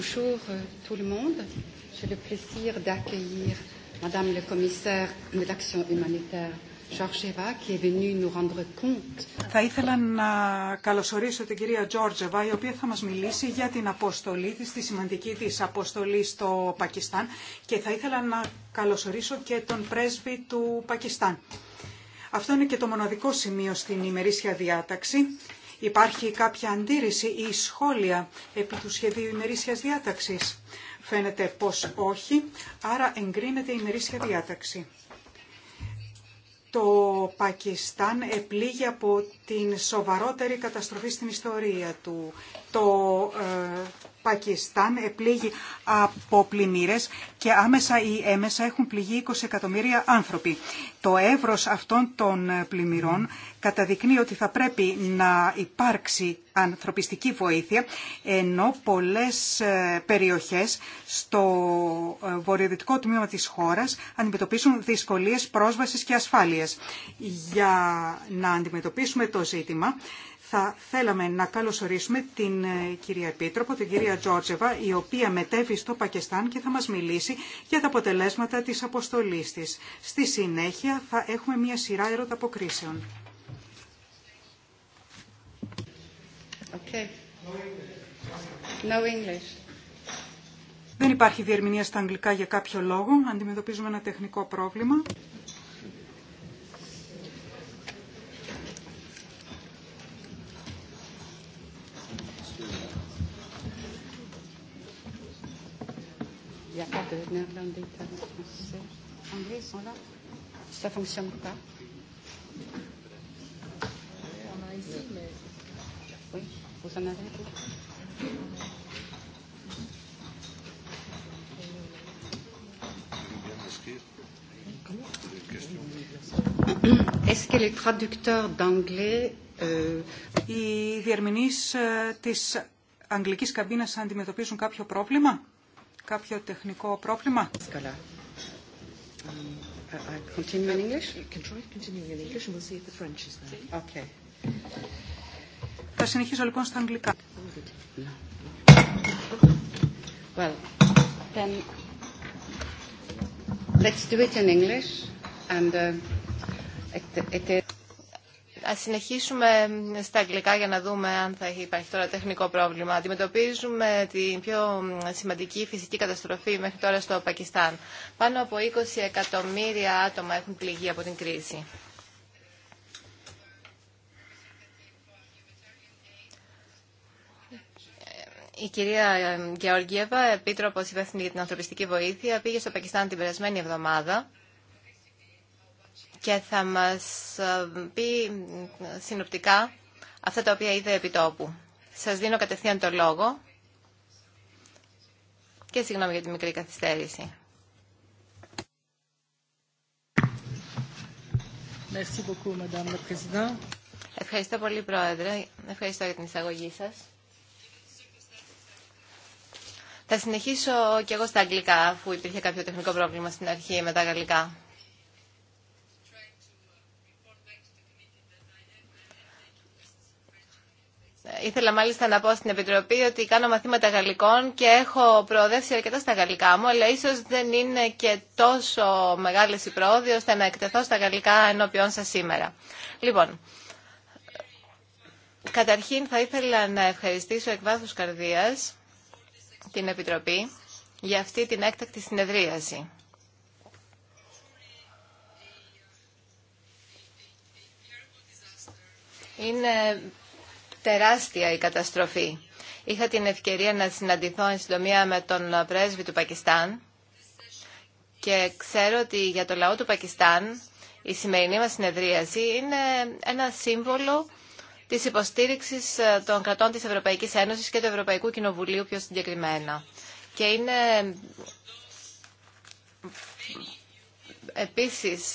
Bonjour euh, tout le monde. J'ai le plaisir d'accueillir Madame le commissaire de l'action humanitaire qui est venue nous rendre compte. Θα ήθελα να καλωσορίσω την κυρία Τζόρτζεβα, η οποία θα μας μιλήσει για την αποστολή της, τη σημαντική της αποστολή στο Πακιστάν και θα ήθελα να καλωσορίσω και τον πρέσβη του Πακιστάν. Αυτό είναι και το μοναδικό σημείο στην ημερήσια διάταξη Υπάρχει κάποια αντίρρηση ή σχόλια επί του σχεδίου ημερήσιας διάταξης. Φαίνεται πως όχι, άρα εγκρίνεται η σχολια επι του σχεδιου ημερησια διαταξης φαινεται διάταξη. Το Πακιστάν επλήγει από την σοβαρότερη καταστροφή στην ιστορία του. Το ε, Πακιστάν επλήγει από πλημμύρες και άμεσα ή έμεσα έχουν πληγεί 20 εκατομμύρια άνθρωποι. Το εύρος αυτών των πλημμυρών καταδεικνύει ότι θα πρέπει να υπάρξει ανθρωπιστική βοήθεια, ενώ πολλές ε, περιοχές στο ε, βορειοδυτικό τμήμα της χώρας αντιμετωπίσουν δυσκολίες πρόσβασης και ασφάλειας. Για να αντιμετωπίσουμε το ζήτημα, θα θέλαμε να καλωσορίσουμε την ε, κυρία Επίτροπο, την κυρία Τζόρτζεβα, η οποία μετέβη στο Πακιστάν και θα μας μιλήσει για τα αποτελέσματα της αποστολής της. Στη συνέχεια θα έχουμε μια σειρά ερωταποκρίσεων. Okay. English. Δεν υπάρχει διερμηνία στα αγγλικά για κάποιο λόγο. Αντιμετωπίζουμε ένα τεχνικό πρόβλημα. Il n'y a pas de néerlandais, italien, français. Anglais, ils sont là. Ça ne fonctionne pas. On a ici, mais. Oui, vous en avez Est-ce que les traducteurs d'anglais Euh... οι euh, τη αγγλικής καμπίνας αντιμετωπίζουν κάποιο πρόβλημα κάποιο τεχνικό πρόβλημα. Καλά. Continue in English? You can try continuing in English and we'll see if the French is there. Okay. Θα συνεχίσω λοιπόν στα αγγλικά. Well, then let's do it in English and uh, it, it is... Ας συνεχίσουμε στα αγγλικά για να δούμε αν θα υπάρχει τώρα τεχνικό πρόβλημα. Αντιμετωπίζουμε την πιο σημαντική φυσική καταστροφή μέχρι τώρα στο Πακιστάν. Πάνω από 20 εκατομμύρια άτομα έχουν πληγεί από την κρίση. Η κυρία Γεωργίεβα, επίτροπος υπεύθυνη για την ανθρωπιστική βοήθεια, πήγε στο Πακιστάν την περασμένη εβδομάδα και θα μας ε, πει ε, συνοπτικά αυτά τα οποία είδε επί τόπου. Σας δίνω κατευθείαν το λόγο και συγγνώμη για τη μικρή καθυστέρηση. Ευχαριστώ πολύ, Πρόεδρε. Ευχαριστώ για την εισαγωγή σας. Θα συνεχίσω κι εγώ στα αγγλικά, αφού υπήρχε κάποιο τεχνικό πρόβλημα στην αρχή με τα γαλλικά. Ήθελα μάλιστα να πω στην Επιτροπή ότι κάνω μαθήματα γαλλικών και έχω προοδεύσει αρκετά στα γαλλικά μου, αλλά ίσως δεν είναι και τόσο μεγάλες οι προόδοι ώστε να εκτεθώ στα γαλλικά ενώπιόν σας σήμερα. Λοιπόν, καταρχήν θα ήθελα να ευχαριστήσω εκ βάθους καρδίας την Επιτροπή για αυτή την έκτακτη συνεδρίαση. Είναι τεράστια η καταστροφή. Είχα την ευκαιρία να συναντηθώ εν συντομία με τον πρέσβη του Πακιστάν και ξέρω ότι για το λαό του Πακιστάν η σημερινή μας συνεδρίαση είναι ένα σύμβολο της υποστήριξης ε, των κρατών της Ευρωπαϊκής Ένωσης και του Ευρωπαϊκού Κοινοβουλίου πιο συγκεκριμένα. Και είναι ε, επίσης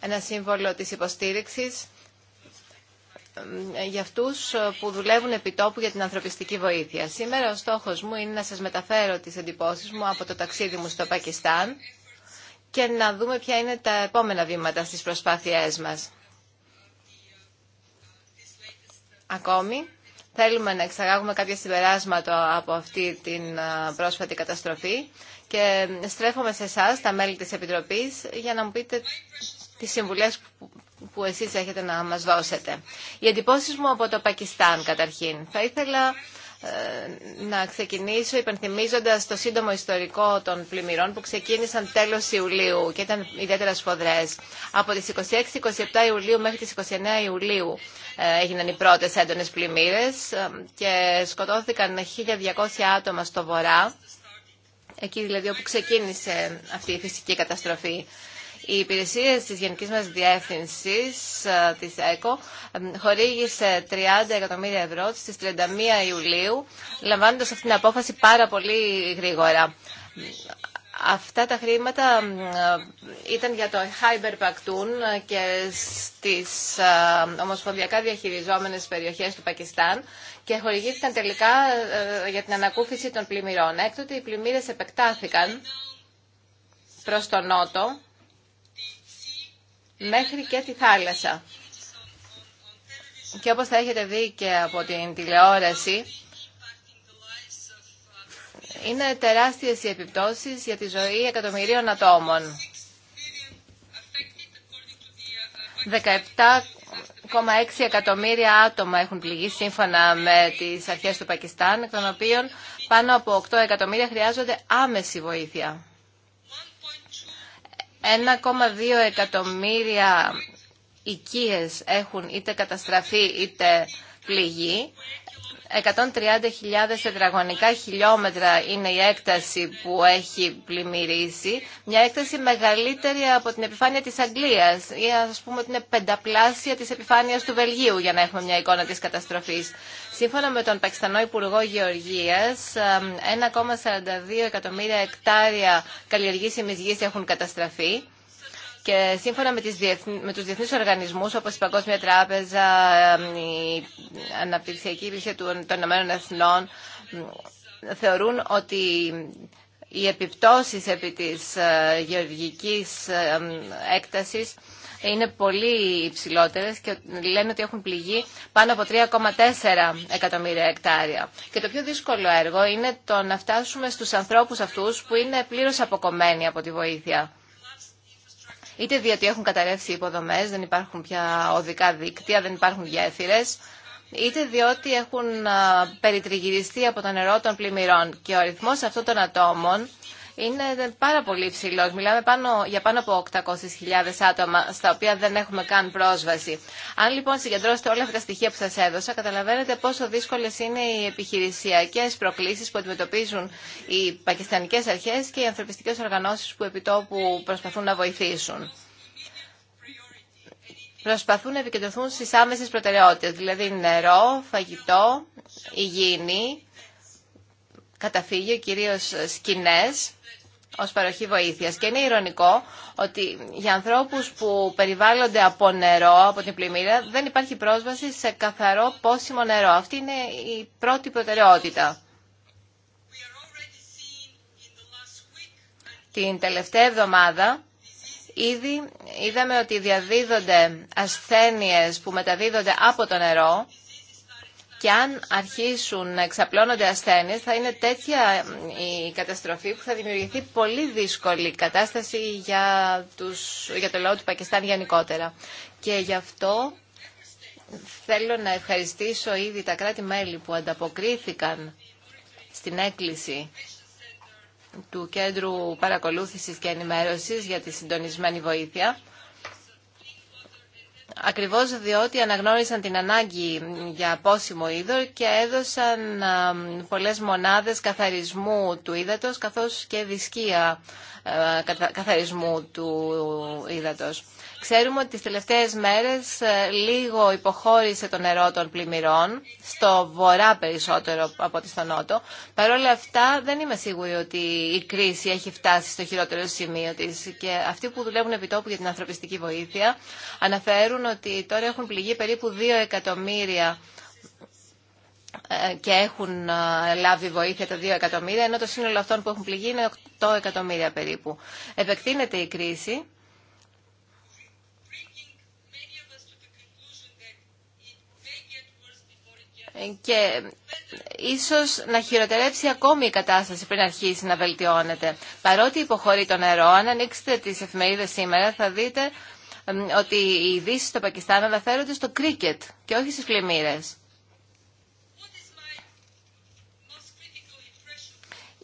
ένα σύμβολο της υποστήριξης ε, για αυτούς ε, που δουλεύουν επιτόπου για την ανθρωπιστική βοήθεια. Σήμερα ο στόχος μου είναι να σας μεταφέρω τις εντυπώσεις μου από το ταξίδι μου στο Πακιστάν και να δούμε ποια είναι τα επόμενα βήματα στις προσπάθειές μας. Ακόμη, θέλουμε να εξαγάγουμε κάποια συμπεράσματα από αυτή την ε, πρόσφατη καταστροφή και στρέφομαι σε εσά, τα μέλη της Επιτροπής, για να μου πείτε τις συμβουλές που εσείς έχετε να μας δώσετε. Οι εντυπώσεις μου από το Πακιστάν καταρχήν. Θα ήθελα ε, να ξεκινήσω υπενθυμίζοντας το σύντομο ιστορικό των πλημμυρών που ξεκίνησαν τέλος Ιουλίου και ήταν ιδιαίτερα σφοδρές. Από τις 26-27 Ιουλίου μέχρι τις 29 Ιουλίου ε, έγιναν οι πρώτες έντονες πλημμύρες ε, και σκοτώθηκαν 1.200 άτομα στο βορρά, εκεί δηλαδή όπου ξεκίνησε αυτή η φυσική καταστροφή. Οι υπηρεσίε της Γενικής μας Διεύθυνσης ε, της ΕΚΟ ε, χορήγησε 30 εκατομμύρια ευρώ στις 31 Ιουλίου, λαμβάνοντας αυτήν την απόφαση πάρα πολύ γρήγορα. Αυτά τα χρήματα ε, ήταν για το Χάιμπερ και στις ομοσπονδιακά διαχειριζόμενες περιοχές του Πακιστάν και χορηγήθηκαν τελικά για την ανακούφιση των πλημμυρών. Έκτοτε οι πλημμύρες επεκτάθηκαν προς τον Νότο μέχρι και τη θάλασσα. Και όπως θα έχετε δει και από την τηλεόραση, είναι τεράστιες οι επιπτώσεις για τη ζωή εκατομμυρίων ατόμων. 17,6 εκατομμύρια άτομα έχουν πληγεί σύμφωνα με τις αρχές του Πακιστάν, εκ των οποίων πάνω από 8 εκατομμύρια χρειάζονται άμεση βοήθεια. 1,2 εκατομμύρια οικίες έχουν είτε καταστραφεί είτε πληγεί 130.000 τετραγωνικά χιλιόμετρα είναι η έκταση που έχει πλημμυρίσει. Μια έκταση μεγαλύτερη από την επιφάνεια της Αγγλίας ή ας πούμε ότι είναι πενταπλάσια της επιφάνειας του Βελγίου για να έχουμε μια εικόνα της καταστροφής. Σύμφωνα με τον Πακιστανό Υπουργό Γεωργίας, 1,42 εκατομμύρια εκτάρια καλλιεργήσιμης γης έχουν καταστραφεί και σύμφωνα με, τις διεθν... με τους διεθνείς οργανισμούς όπως η Παγκόσμια Τράπεζα, η Αναπτυξιακή Υπηρεσία των Ηνωμένων Εθνών θεωρούν ότι οι επιπτώσεις επί της ε, γεωργικής έκτασης είναι πολύ υψηλότερες και λένε ότι έχουν πληγεί πάνω από 3,4 εκατομμύρια εκτάρια. Και το πιο δύσκολο έργο είναι το να φτάσουμε στους ανθρώπους αυτούς που είναι πλήρως αποκομμένοι από τη βοήθεια είτε διότι έχουν καταρρεύσει οι υποδομές, δεν υπάρχουν πια οδικά δίκτυα, δεν υπάρχουν γέφυρες, είτε διότι έχουν περιτριγυριστεί από το νερό των πλημμυρών. Και ο αριθμός αυτών των ατόμων είναι πάρα πολύ υψηλό. Μιλάμε πάνω, για πάνω από 800.000 άτομα στα οποία δεν έχουμε καν πρόσβαση. Αν λοιπόν συγκεντρώσετε όλα αυτά τα στοιχεία που σας έδωσα, καταλαβαίνετε πόσο δύσκολες είναι οι επιχειρησιακές προκλήσεις που αντιμετωπίζουν οι πακιστανικές αρχές και οι ανθρωπιστικέ οργανώσει που επιτόπου προσπαθούν να βοηθήσουν προσπαθούν να επικεντρωθούν στι άμεσε προτεραιότητε, δηλαδή νερό, φαγητό, υγιεινή, καταφύγιο, κυρίως σκηνές, ως παροχή βοήθειας. Και είναι ηρωνικό ότι για ανθρώπους που περιβάλλονται από νερό, από την πλημμύρα, δεν υπάρχει πρόσβαση σε καθαρό πόσιμο νερό. Αυτή είναι η πρώτη προτεραιότητα. Την τελευταία εβδομάδα ήδη είδαμε ότι διαδίδονται ασθένειες που μεταδίδονται από το νερό και αν αρχίσουν να εξαπλώνονται ασθένειες θα είναι τέτοια ε, η καταστροφή που θα δημιουργηθεί πολύ δύσκολη κατάσταση για, τους, για το λαό του Πακιστάν γενικότερα. Και γι' αυτό θέλω να ευχαριστήσω ήδη τα κράτη-μέλη που ανταποκρίθηκαν στην έκκληση του Κέντρου Παρακολούθησης και Ενημέρωσης για τη συντονισμένη βοήθεια ακριβώς διότι αναγνώρισαν την ανάγκη για πόσιμο είδωρ και έδωσαν πολλές μονάδες καθαρισμού του ύδατος καθώς και δισκία καθαρισμού του ύδατος. Ξέρουμε ότι τις τελευταίες μέρες ε, λίγο υποχώρησε το νερό των πλημμυρών, στο βορρά περισσότερο από ότι στο νότο. Παρ' όλα αυτά δεν είμαι σίγουρη ότι η κρίση έχει φτάσει στο χειρότερο σημείο της και αυτοί που δουλεύουν επιτόπου για την ανθρωπιστική βοήθεια αναφέρουν ότι τώρα έχουν πληγεί περίπου 2 εκατομμύρια ε, και έχουν ε, λάβει βοήθεια τα 2 εκατομμύρια, ενώ το σύνολο αυτών που έχουν πληγεί είναι 8 εκατομμύρια περίπου. Επεκτείνεται η κρίση και ίσως να χειροτερέψει ακόμη η κατάσταση πριν αρχίσει να βελτιώνεται. Παρότι υποχωρεί το νερό, αν ανοίξετε τις εφημερίδες σήμερα θα δείτε ότι οι ειδήσει στο Πακιστάν αναφέρονται στο κρίκετ και όχι στις πλημμύρες.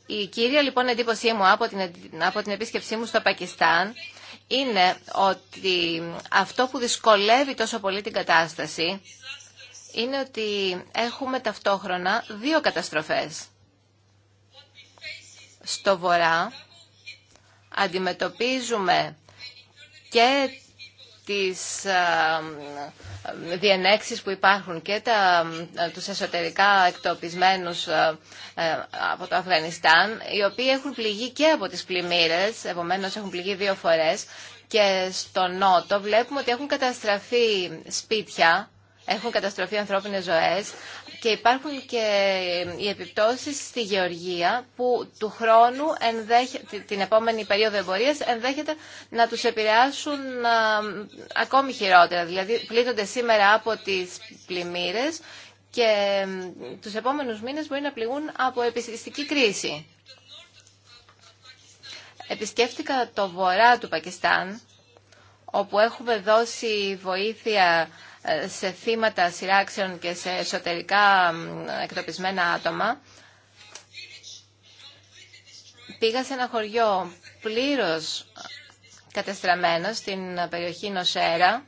Η κύρια λοιπόν εντύπωσή μου από την, από την επίσκεψή μου στο Πακιστάν είναι ότι αυτό που δυσκολεύει τόσο πολύ την κατάσταση είναι ότι έχουμε ταυτόχρονα δύο καταστροφές. Στο βορρά αντιμετωπίζουμε και τις ε, διενέξεις που υπάρχουν και τα, ε, τους εσωτερικά εκτοπισμένους ε, από το Αφγανιστάν, οι οποίοι έχουν πληγεί και από τις πλημμύρες, επομένως έχουν πληγεί δύο φορές, και στο νότο βλέπουμε ότι έχουν καταστραφεί σπίτια έχουν καταστροφεί ανθρώπινες ζωές και υπάρχουν και οι επιπτώσεις στη γεωργία που του χρόνου, την επόμενη περίοδο εμπορίας, ενδέχεται να τους επηρεάσουν ακόμη χειρότερα. Δηλαδή πλήττονται σήμερα από τις πλημμύρες και τους επόμενους μήνες μπορεί να πληγούν από επιστημιστική κρίση. Επισκέφτηκα το βορρά του Πακιστάν, όπου έχουμε δώσει βοήθεια σε θύματα σειράξεων και σε εσωτερικά εκτοπισμένα άτομα, πήγα σε ένα χωριό πλήρως κατεστραμμένο στην περιοχή Νοσέρα,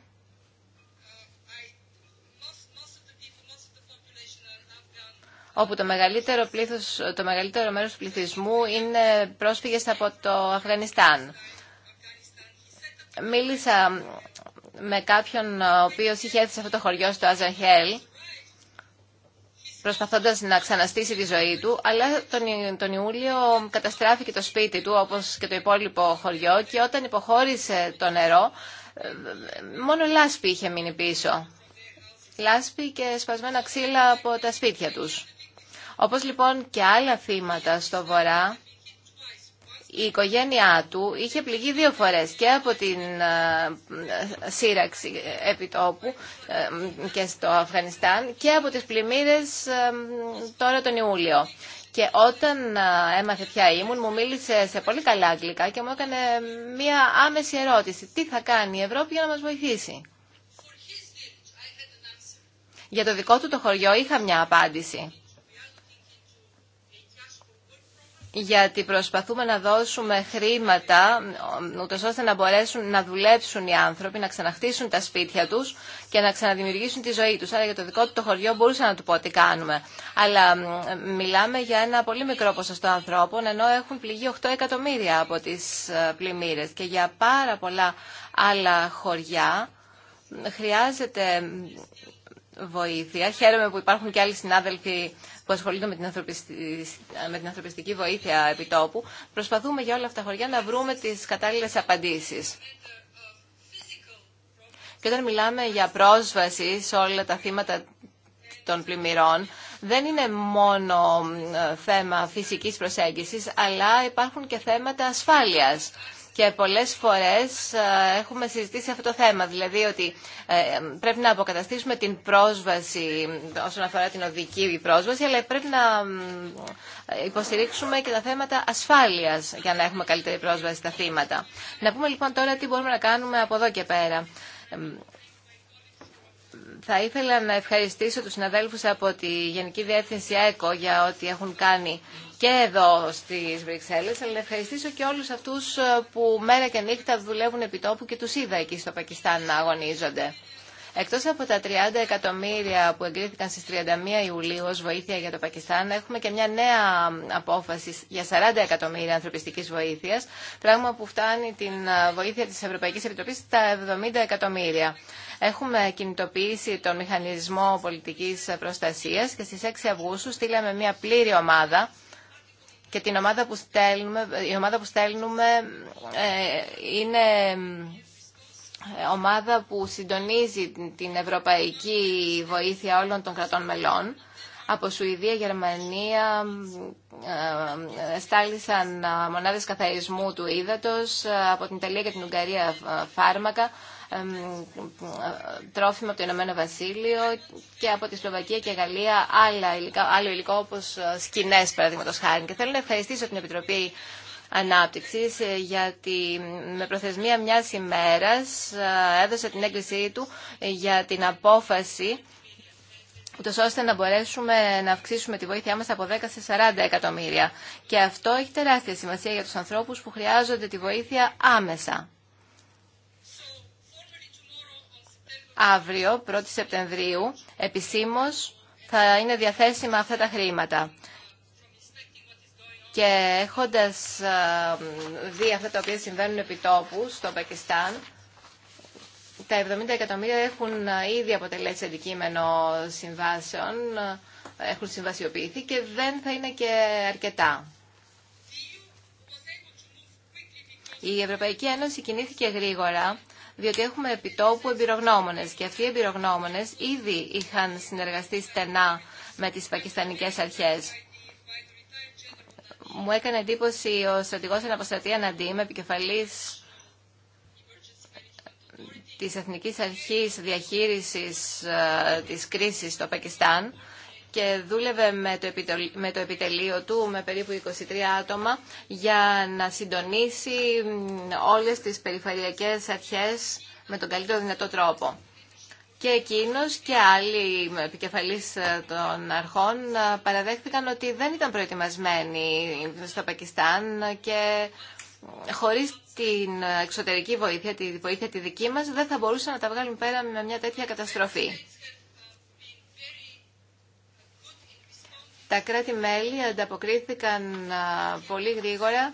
όπου το μεγαλύτερο, πλήθος, το μεγαλύτερο μέρος του πληθυσμού είναι πρόσφυγες από το Αφγανιστάν. Μίλησα με κάποιον ο οποίος είχε έρθει σε αυτό το χωριό στο Αζαχέλ προσπαθώντας να ξαναστήσει τη ζωή του, αλλά τον, τον Ιούλιο καταστράφηκε το σπίτι του, όπως και το υπόλοιπο χωριό, και όταν υποχώρησε το νερό, μόνο λάσπη είχε μείνει πίσω. Λάσπη και σπασμένα ξύλα από τα σπίτια τους. Όπως λοιπόν και άλλα θύματα στο βορρά, η οικογένειά του είχε πληγεί δύο φορές και από την ε, σύραξη επιτόπου ε, και στο Αφγανιστάν και από τις πλημμύρες ε, τώρα τον Ιούλιο. Και όταν έμαθε πια ήμουν, μου μίλησε σε πολύ καλά αγγλικά και μου έκανε μία άμεση ερώτηση. Τι θα κάνει η Ευρώπη για να μας βοηθήσει. Για το δικό του το χωριό είχα μια απάντηση. γιατί προσπαθούμε να δώσουμε χρήματα ούτω ώστε να μπορέσουν να δουλέψουν οι άνθρωποι, να ξαναχτίσουν τα σπίτια τους και να ξαναδημιουργήσουν τη ζωή τους. Άρα για το δικό του το χωριό μπορούσα να του πω τι κάνουμε. Αλλά μιλάμε για ένα πολύ μικρό ποσοστό ανθρώπων ενώ έχουν πληγεί 8 εκατομμύρια από τις ε, πλημμύρες και για πάρα πολλά άλλα χωριά χρειάζεται βοήθεια. Χαίρομαι που υπάρχουν και άλλοι συνάδελφοι που ασχολούνται με την, με την ανθρωπιστική βοήθεια επιτόπου, προσπαθούμε για όλα αυτά τα χωριά να βρούμε τις κατάλληλες απαντήσεις. Και όταν μιλάμε για πρόσβαση σε όλα τα θύματα των πλημμυρών, δεν είναι μόνο ε, θέμα φυσικής προσέγγισης, αλλά υπάρχουν και θέματα ασφάλειας και πολλές φορές ε, έχουμε συζητήσει αυτό το θέμα, δηλαδή ότι ε, πρέπει να αποκαταστήσουμε την πρόσβαση ε, όσον αφορά την οδική πρόσβαση, αλλά πρέπει να υποστηρίξουμε και τα θέματα ασφάλειας για να έχουμε καλύτερη πρόσβαση στα θύματα. Να πούμε λοιπόν τώρα τι μπορούμε να κάνουμε από εδώ και πέρα. Θα ήθελα να ευχαριστήσω τους συναδέλφους από τη Γενική Διεύθυνση ΑΕΚΟ για ό,τι έχουν κάνει και εδώ στις Βρυξέλλες, αλλά να ευχαριστήσω και όλους αυτούς που μέρα και νύχτα δουλεύουν επί τόπου και τους είδα εκεί στο Πακιστάν να αγωνίζονται. Εκτός από τα 30 εκατομμύρια που εγκρίθηκαν στις 31 Ιουλίου ως βοήθεια για το Πακιστάν, έχουμε και μια νέα απόφαση για 40 εκατομμύρια ανθρωπιστικής βοήθειας, πράγμα που φτάνει την βοήθεια της Ευρωπαϊκής Επιτροπής στα 70 εκατομμύρια. Έχουμε κινητοποιήσει τον μηχανισμό πολιτικής προστασίας και στις 6 Αυγούστου στείλαμε μια πλήρη ομάδα και την ομάδα που στέλνουμε, η ομάδα που στέλνουμε ε, είναι ομάδα που συντονίζει την ευρωπαϊκή βοήθεια όλων των κρατών μελών. Από Σουηδία, Γερμανία ε, ε, στάλησαν ε, μονάδες καθαρισμού του ύδατος, από την Ιταλία και την Ουγγαρία φάρμακα, τρόφιμα από το Ηνωμένο Βασίλειο και από τη Σλοβακία και Γαλλία άλλο υλικό όπως σκηνές παραδείγματος χάρη. Και θέλω να ευχαριστήσω την Επιτροπή Ανάπτυξης ε, γιατί με προθεσμία μιας ημέρας ε, έδωσε την έγκρισή του ε, για την απόφαση ούτως ώστε να μπορέσουμε να αυξήσουμε τη βοήθειά μας από 10 σε 40 εκατομμύρια. Και αυτό έχει τεράστια σημασία για τους ανθρώπους που χρειάζονται τη βοήθεια άμεσα. Αύριο, 1η Σεπτεμβρίου, επισήμως θα είναι διαθέσιμα αυτά τα χρήματα. Και έχοντας δει αυτά τα οποία συμβαίνουν επί τόπου στο Πακιστάν, τα 70 εκατομμύρια έχουν ε, ήδη αποτελέσει αντικείμενο συμβάσεων, ε, έχουν συμβασιοποιηθεί και δεν θα είναι και αρκετά. Η Ευρωπαϊκή Ένωση κινήθηκε γρήγορα, διότι έχουμε επιτόπου εμπειρογνώμονες και αυτοί οι εμπειρογνώμονες ήδη είχαν συνεργαστεί στενά με τις πακιστανικές αρχές μου έκανε εντύπωση ο στρατηγό Αναποστατή Αναντίμ, επικεφαλής τη Εθνική αρχή διαχείριση ε, της κρίσης στο Πακιστάν και δούλευε με το επιτελείο του με περίπου 23 άτομα για να συντονίσει όλες τις περιφερειακές αρχές με τον καλύτερο δυνατό τρόπο και εκείνος και άλλοι επικεφαλεί των αρχών ε, παραδέχθηκαν ότι δεν ήταν προετοιμασμένοι στο Πακιστάν και ε, χωρίς την εξωτερική βοήθεια, τη βοήθεια τη δική μα δεν θα μπορούσαν να τα βγάλουν πέρα με μια τέτοια καταστροφή. Τα κράτη-μέλη ανταποκρίθηκαν ε, πολύ γρήγορα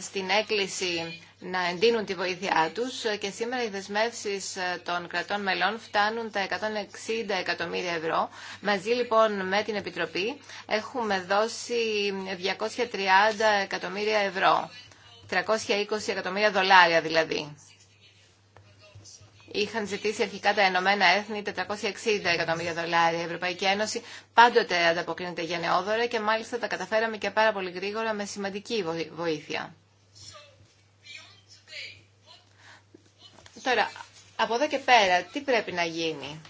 στην έκκληση να εντείνουν τη βοήθειά τους και σήμερα οι δεσμεύσει ε, των κρατών μελών φτάνουν τα 160 εκατομμύρια ευρώ. Μαζί λοιπόν με την Επιτροπή έχουμε δώσει 230 εκατομμύρια ευρώ, 320 εκατομμύρια δολάρια δηλαδή είχαν ζητήσει αρχικά τα Ενωμένα Έθνη 460 εκατομμύρια δολάρια. Η Ευρωπαϊκή Ένωση πάντοτε ανταποκρίνεται νεόδωρα και μάλιστα τα καταφέραμε και πάρα πολύ γρήγορα με σημαντική βοήθεια. Τώρα, από εδώ και πέρα, τι πρέπει να γίνει.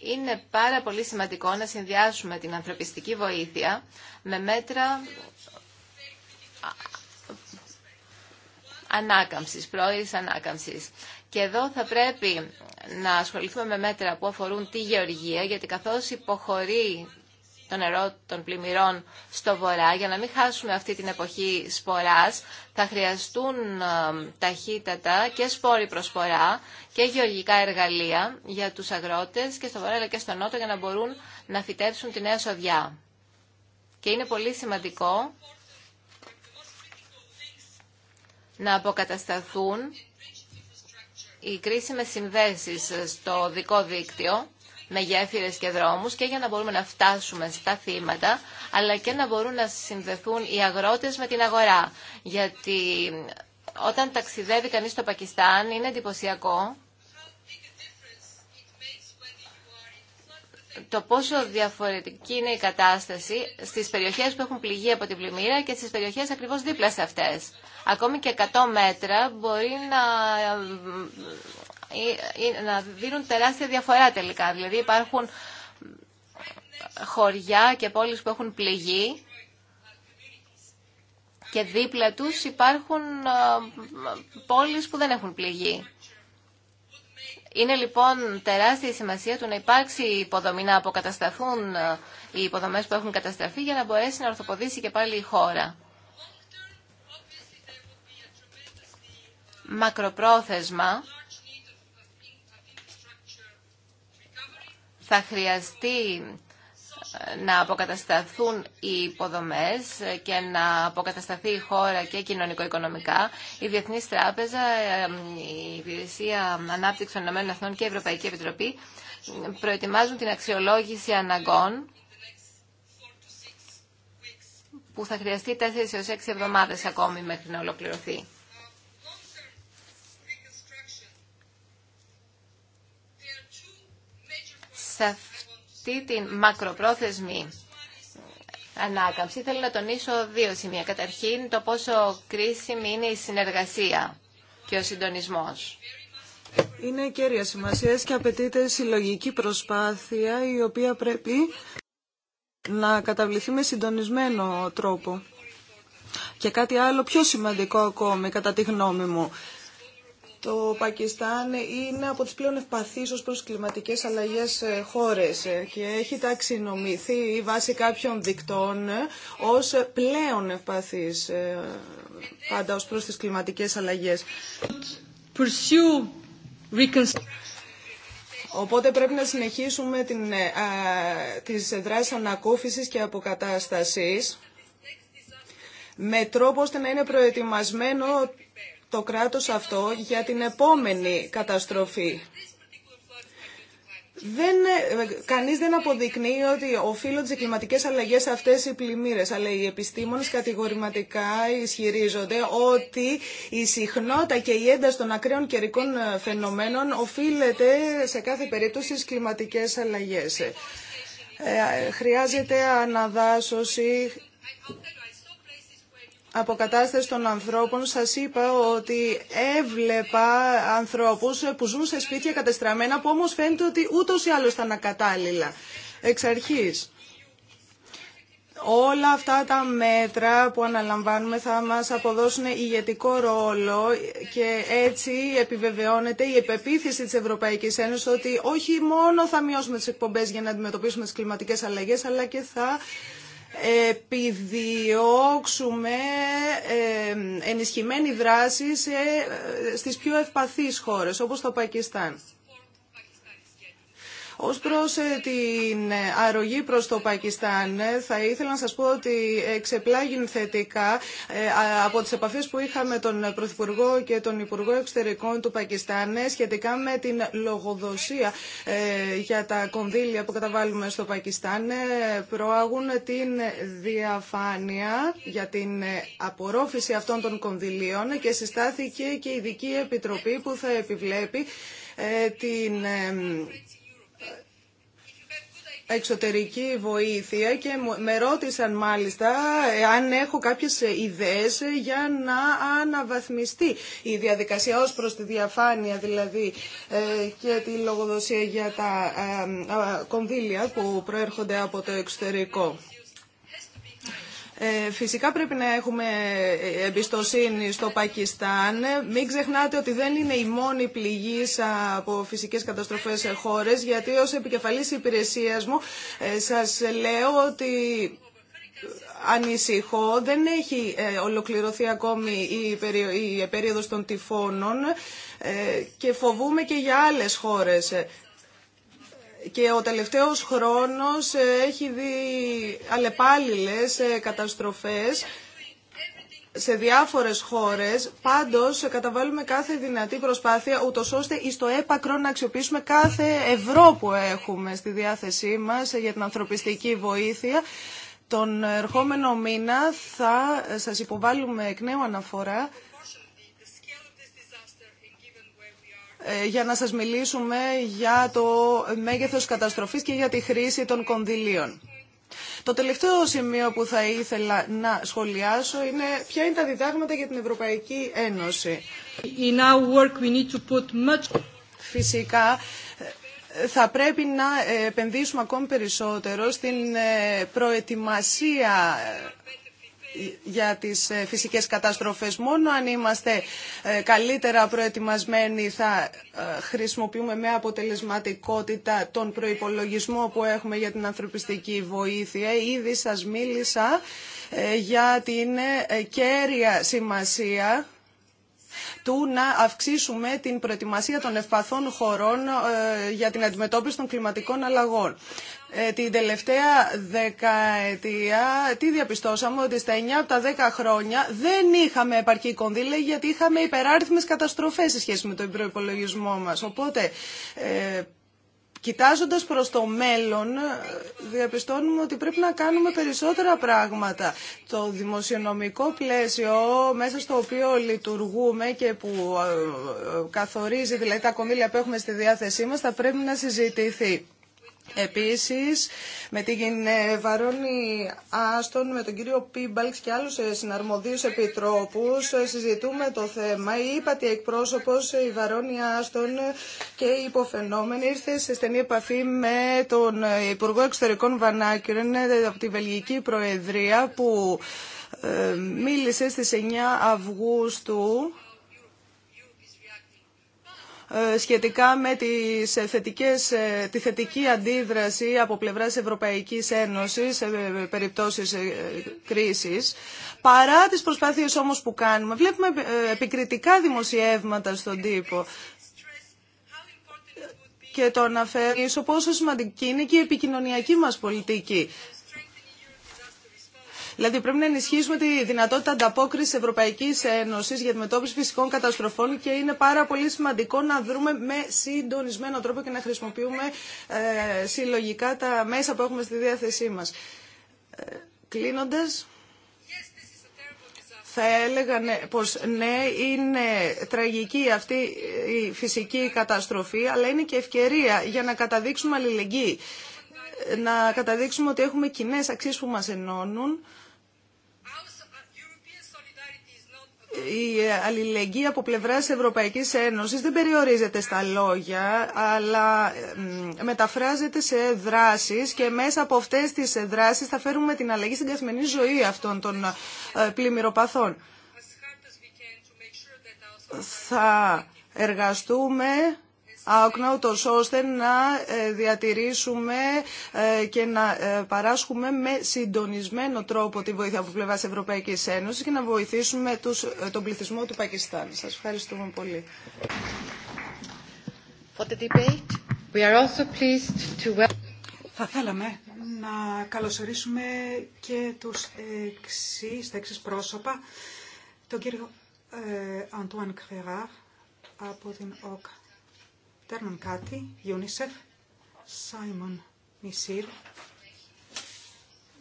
είναι πάρα πολύ σημαντικό να συνδυάσουμε την ανθρωπιστική βοήθεια με μέτρα ανάκαμψης, πρώης ανάκαμψης. Και εδώ θα πρέπει να ασχοληθούμε με μέτρα που αφορούν τη γεωργία, γιατί καθώς υποχωρεί το νερό των πλημμυρών στο βορρά, για να μην χάσουμε αυτή την εποχή σποράς, θα χρειαστούν ε, ταχύτατα και σπόροι προσφορά και γεωργικά εργαλεία για τους αγρότες και στο βορρά αλλά και στο νότο για να μπορούν να φυτέψουν τη νέα σοδιά. Και είναι πολύ σημαντικό να αποκατασταθούν οι κρίσιμες συνδέσεις στο δικό δίκτυο με γέφυρες και δρόμους και για να μπορούμε να φτάσουμε στα θύματα, αλλά και να μπορούν να συνδεθούν οι αγρότες με την αγορά. Γιατί όταν ταξιδεύει κανείς στο Πακιστάν είναι εντυπωσιακό το πόσο διαφορετική είναι η κατάσταση στις περιοχές που έχουν πληγεί από την πλημμύρα και στις περιοχές ακριβώς δίπλα σε αυτές. Ακόμη και 100 μέτρα μπορεί να να δίνουν τεράστια διαφορά τελικά. Δηλαδή υπάρχουν χωριά και πόλεις που έχουν πληγεί και δίπλα τους υπάρχουν πόλεις που δεν έχουν πληγή. Είναι λοιπόν τεράστια σημασία του να υπάρξει υποδομή, να αποκατασταθούν οι υποδομές που έχουν καταστραφεί για να μπορέσει να ορθοποδήσει και πάλι η χώρα. Μακροπρόθεσμα, θα χρειαστεί ε, να αποκατασταθούν οι υποδομές και να αποκατασταθεί η χώρα και κοινωνικο-οικονομικά. Η Διεθνής Τράπεζα, ε, η Υπηρεσία Ανάπτυξη των Ηνωμένων και η Ευρωπαϊκή Επιτροπή προετοιμάζουν την αξιολόγηση αναγκών που θα χρειαστεί 4 έως 6 εβδομάδες ακόμη μέχρι να ολοκληρωθεί. σε αυτή την μακροπρόθεσμη ανάκαμψη θέλω να τονίσω δύο σημεία. Καταρχήν το πόσο κρίσιμη είναι η συνεργασία και ο συντονισμός. Είναι κέρια σημασία και απαιτείται συλλογική προσπάθεια η οποία πρέπει να καταβληθεί με συντονισμένο τρόπο. Και κάτι άλλο πιο σημαντικό ακόμη κατά τη γνώμη μου. Το Πακιστάν είναι από τις πλέον ευπαθείς ως προς κλιματικές αλλαγές ε, χώρες ε, και έχει ταξινομηθεί βάσει κάποιων δικτών ε, ως πλέον ευπαθείς πάντα ως προς τις κλιματικές αλλαγές. Οπότε πρέπει να συνεχίσουμε την, α, τις δράσεις ανακούφισης και αποκατάστασης με τρόπο ώστε να είναι προετοιμασμένο το κράτος αυτό για την επόμενη καταστροφή. Δεν, ε, κανείς δεν αποδεικνύει ότι οφείλονται σε κλιματικές αλλαγές αυτές οι πλημμύρες, αλλά οι επιστήμονες κατηγορηματικά ισχυρίζονται ότι η συχνότητα και η ένταση των ακραίων καιρικών ε, φαινομένων οφείλεται σε κάθε περίπτωση στις κλιματικές αλλαγές. Ε, χρειάζεται αναδάσωση, αποκατάσταση των ανθρώπων σας είπα ότι έβλεπα ανθρώπους που ζουν σε σπίτια κατεστραμμένα που όμως φαίνεται ότι ούτως ή άλλως ήταν ακατάλληλα εξ αρχής. Όλα αυτά τα μέτρα που αναλαμβάνουμε θα μας αποδώσουν ηγετικό ρόλο και έτσι επιβεβαιώνεται η επεποίθηση της Ευρωπαϊκής Ένωσης ότι όχι μόνο θα μειώσουμε τις εκπομπές για να αντιμετωπίσουμε τις κλιματικές αλλαγές αλλά και θα επιδιώξουμε ενισχυμένη δράση σε, ε, στις πιο ευπαθείς χώρες όπως το Πακιστάν. Ω προ ε, την ε, αρρωγή προς το Πακιστάν, ε, θα ήθελα να σα πω ότι εξεπλάγει θετικά από τι επαφέ που είχαμε τον Πρωθυπουργό και τον Υπουργό Εξωτερικών του Πακιστάν σχετικά με την λογοδοσία για τα κονδύλια που καταβάλουμε στο Πακιστάν. Προάγουν την διαφάνεια για την απορρόφηση αυτών των κονδυλίων και συστάθηκε και η Ειδική Επιτροπή που θα επιβλέπει την εξωτερική βοήθεια και με ρώτησαν μάλιστα ε, αν έχω κάποιες ε, ιδέες ε, για να αναβαθμιστεί η διαδικασία ως προς τη διαφάνεια δηλαδή και τη λογοδοσία για τα κονδύλια που προέρχονται από το εξωτερικό. Ε, φυσικά πρέπει να έχουμε ε, εμπιστοσύνη στο Πακιστάν. Μην ξεχνάτε ότι δεν είναι η μόνη πληγή από φυσικές καταστροφές χώρε, γιατί ως επικεφαλής υπηρεσίας μου ε, σας λέω ότι ανησυχώ. Δεν έχει ολοκληρωθεί ακόμη η περίοδος των τυφώνων και φοβούμε και για άλλες χώρες και ο τελευταίος χρόνος ε, έχει δει αλλεπάλληλες ε, καταστροφές σε διάφορες χώρες. Πάντως ε, καταβάλουμε κάθε δυνατή προσπάθεια ούτω ώστε το έπακρο να αξιοποιήσουμε κάθε ευρώ που έχουμε στη διάθεσή μας για την ανθρωπιστική βοήθεια. Τον ερχόμενο μήνα θα σας υποβάλουμε εκ νέου αναφορά Ε, για να σας μιλήσουμε για το μέγεθος καταστροφής και για τη χρήση των κονδυλίων. Το τελευταίο σημείο που θα ήθελα να σχολιάσω είναι ποια είναι τα διδάγματα για την Ευρωπαϊκή Ένωση. In our work we need to put much... Φυσικά ε, θα πρέπει να ε, επενδύσουμε ακόμη περισσότερο στην προετοιμασία για τις ε, φυσικές καταστροφές. Μόνο αν είμαστε ε, καλύτερα προετοιμασμένοι θα ε, χρησιμοποιούμε με αποτελεσματικότητα τον προϋπολογισμό που έχουμε για την ανθρωπιστική βοήθεια. Ήδη σας μίλησα για την κέρια σημασία του να αυξήσουμε την προετοιμασία των ευπαθών χωρών για την αντιμετώπιση των κλιματικών αλλαγών. Ε, την τελευταία δεκαετία τι διαπιστώσαμε ότι στα 9 από τα 10 χρόνια δεν είχαμε επαρκή κονδύλια γιατί είχαμε υπεράριθμες καταστροφές σε σχέση με τον προπολογισμό μας. Οπότε ε, Κοιτάζοντας προς το μέλλον, ε, διαπιστώνουμε ότι πρέπει να κάνουμε περισσότερα πράγματα. Το δημοσιονομικό πλαίσιο μέσα στο οποίο λειτουργούμε και που ε, καθορίζει δηλαδή τα κονδύλια που έχουμε στη διάθεσή μας θα πρέπει να συζητηθεί. Επίσης, με την ε, Βαρόνη Άστον, με τον κύριο Πίμπαλξ και άλλους ε, συναρμοδίους επιτρόπους ε, συζητούμε το θέμα. Η ύπατη εκπρόσωπος, η Άστον και η υποφαινόμενη ήρθε σε στενή επαφή με τον Υπουργό Εξωτερικών Βανάκυρεν από τη Βελγική Προεδρία που μίλησε στις 9 Αυγούστου ε, σχετικά με τις ε, θετικές, ε, τη θετική αντίδραση από πλευράς Ευρωπαϊκής Ένωσης σε περιπτώσεις κρίσης. Παρά τις προσπάθειες όμως που κάνουμε, βλέπουμε επικριτικά δημοσιεύματα στον τύπο και το αναφέρει πόσο σημαντική είναι και η επικοινωνιακή μας πολιτική. Δηλαδή πρέπει να ενισχύσουμε τη δυνατότητα ανταπόκριση Ευρωπαϊκή Ένωση για τη μετώπιση φυσικών καταστροφών και είναι πάρα πολύ σημαντικό να δρούμε με συντονισμένο τρόπο και να χρησιμοποιούμε ε, συλλογικά τα μέσα που έχουμε στη διάθεσή μα. Ε, Κλείνοντα. Θα έλεγα ναι, πως ναι, είναι τραγική αυτή η φυσική καταστροφή, αλλά είναι και ευκαιρία για να καταδείξουμε αλληλεγγύη, να καταδείξουμε ότι έχουμε κοινέ αξίες που μας ενώνουν η αλληλεγγύη από πλευράς Ευρωπαϊκής Ένωσης δεν περιορίζεται στα λόγια, αλλά μεταφράζεται σε δράσεις και μέσα από αυτές τις δράσεις θα φέρουμε την αλλαγή στην καθημερινή ζωή αυτών των ε, πλημμυροπαθών. Θα εργαστούμε άκνα, ούτως ώστε να ε, διατηρήσουμε ε, και να ε, παράσχουμε με συντονισμένο τρόπο τη βοήθεια από πλευρά Ευρωπαϊκή Ένωση και να βοηθήσουμε τους, τον πληθυσμό του Πακιστάν. Σας ευχαριστούμε πολύ. Θα θέλαμε να καλωσορίσουμε και τους εξής, τα εξής πρόσωπα, τον κύριο ε, Αντουάν από την ΟΚΑ Τέρμαν Κάτι, UNICEF, Σάιμον Μισήρ,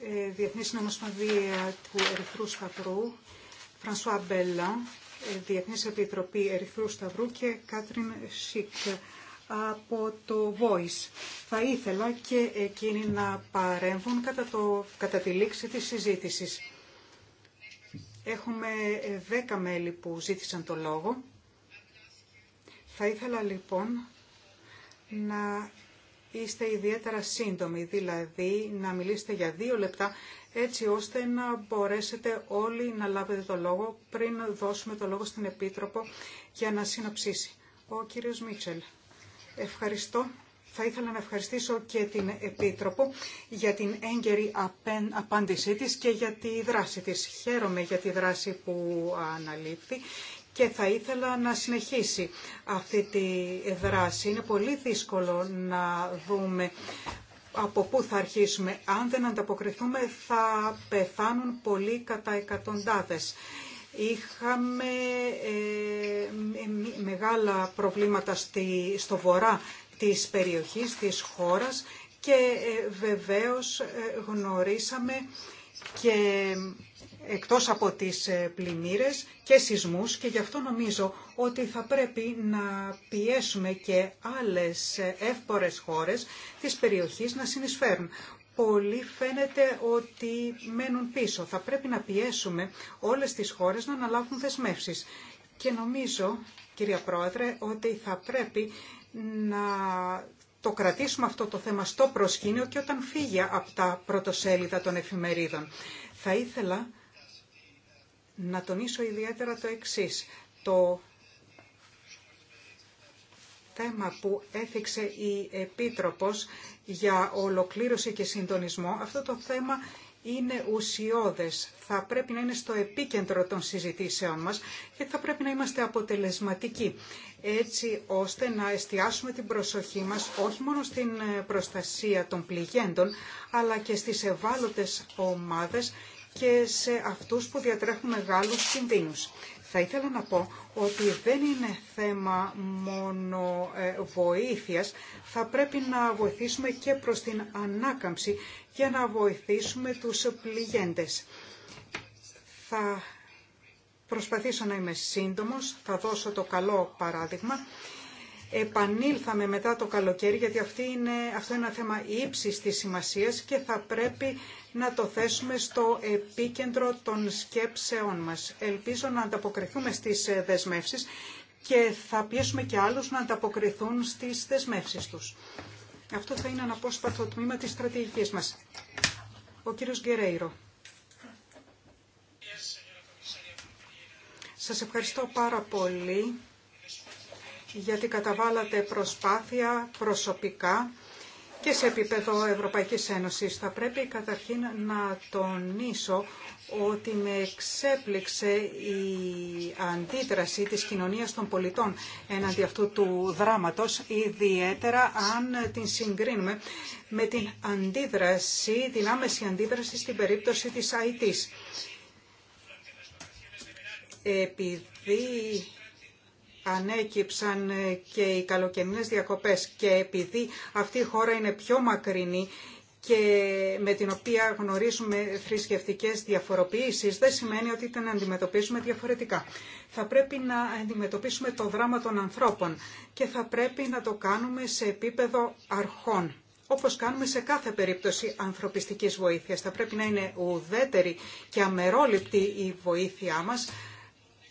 ε, διεθνή Συνομοσπονδία του Ερυθρού Σταυρού, Φρανσουά Μπέλα, ε, διεθνή Επιτροπή Ερυθρού Σταυρού και Κάτριν Σίκ από το Voice. Θα ήθελα και εκείνοι να παρέμβουν κατά, το, κατά τη λήξη της συζήτησης. Έχουμε δέκα μέλη που ζήτησαν το λόγο. Θα ήθελα λοιπόν να είστε ιδιαίτερα σύντομοι, δηλαδή να μιλήσετε για δύο λεπτά έτσι ώστε να μπορέσετε όλοι να λάβετε το λόγο πριν δώσουμε το λόγο στην Επίτροπο για να συνοψίσει. Ο κύριος Μίτσελ, ευχαριστώ. Θα ήθελα να ευχαριστήσω και την Επίτροπο για την έγκαιρη απάντησή της και για τη δράση της. Χαίρομαι για τη δράση που αναλήφθη και θα ήθελα να συνεχίσει αυτή τη δράση. Είναι πολύ δύσκολο να δούμε από πού θα αρχίσουμε. Αν δεν ανταποκριθούμε θα πεθάνουν πολλοί κατά εκατοντάδες. Είχαμε ε, μεγάλα προβλήματα στη, στο βορρά της περιοχής, της χώρας και ε, βεβαίως ε, γνωρίσαμε και εκτός από τις ε, πλημμύρες και σεισμούς και γι' αυτό νομίζω ότι θα πρέπει να πιέσουμε και άλλες ε, εύπορες χώρες της περιοχής να συνεισφέρουν. Πολλοί φαίνεται ότι μένουν πίσω. Θα πρέπει να πιέσουμε όλες τις χώρες να αναλάβουν δεσμεύσεις. Και νομίζω, κυρία Πρόεδρε, ότι θα πρέπει να το κρατήσουμε αυτό το θέμα στο προσκήνιο και όταν φύγει από τα πρωτοσέλιδα των εφημερίδων. Θα ήθελα να τονίσω ιδιαίτερα το εξής. Το θέμα που έθιξε η Επίτροπος για ολοκλήρωση και συντονισμό, αυτό το θέμα είναι ουσιώδες. Θα πρέπει να είναι στο επίκεντρο των συζητήσεων μας και θα πρέπει να είμαστε αποτελεσματικοί, έτσι ώστε να εστιάσουμε την προσοχή μας όχι μόνο στην προστασία των πληγέντων, αλλά και στις ευάλωτες ομάδες και σε αυτούς που διατρέχουν μεγάλους κινδύνους. Θα ήθελα να πω ότι δεν είναι θέμα μόνο ε, βοήθειας, θα πρέπει να βοηθήσουμε και προς την ανάκαμψη και να βοηθήσουμε τους πληγέντες. Θα προσπαθήσω να είμαι σύντομος, θα δώσω το καλό παράδειγμα επανήλθαμε μετά το καλοκαίρι, γιατί αυτή είναι, αυτό είναι ένα θέμα ύψης της σημασίας και θα πρέπει να το θέσουμε στο επίκεντρο των σκέψεών μας. Ελπίζω να ανταποκριθούμε στις ε, δεσμεύσεις και θα πιέσουμε και άλλους να ανταποκριθούν στις δεσμεύσεις τους. Αυτό θα είναι ένα απόσπαθο τμήμα της στρατηγικής μας. Ο κύριος Γκερέιρο. Σας ευχαριστώ πάρα πολύ γιατί καταβάλατε προσπάθεια προσωπικά και σε επίπεδο Ευρωπαϊκής Ένωσης. Θα πρέπει καταρχήν να τονίσω ότι με εξέπληξε η αντίδραση της κοινωνίας των πολιτών εναντί αυτού του δράματος, ιδιαίτερα αν την συγκρίνουμε με την αντίδραση, την άμεση αντίδραση στην περίπτωση της ΑΙΤΙΣ. Επειδή ανέκυψαν ε, και οι καλοκαιρινές διακοπές και επειδή αυτή η χώρα είναι πιο μακρινή και με την οποία γνωρίζουμε θρησκευτικές διαφοροποιήσεις δεν σημαίνει ότι την αντιμετωπίζουμε διαφορετικά. Θα πρέπει να αντιμετωπίσουμε το δράμα των ανθρώπων και θα πρέπει να το κάνουμε σε επίπεδο αρχών όπως κάνουμε σε κάθε περίπτωση ανθρωπιστικής βοήθειας. Θα πρέπει να είναι ουδέτερη και αμερόληπτη η βοήθειά μας,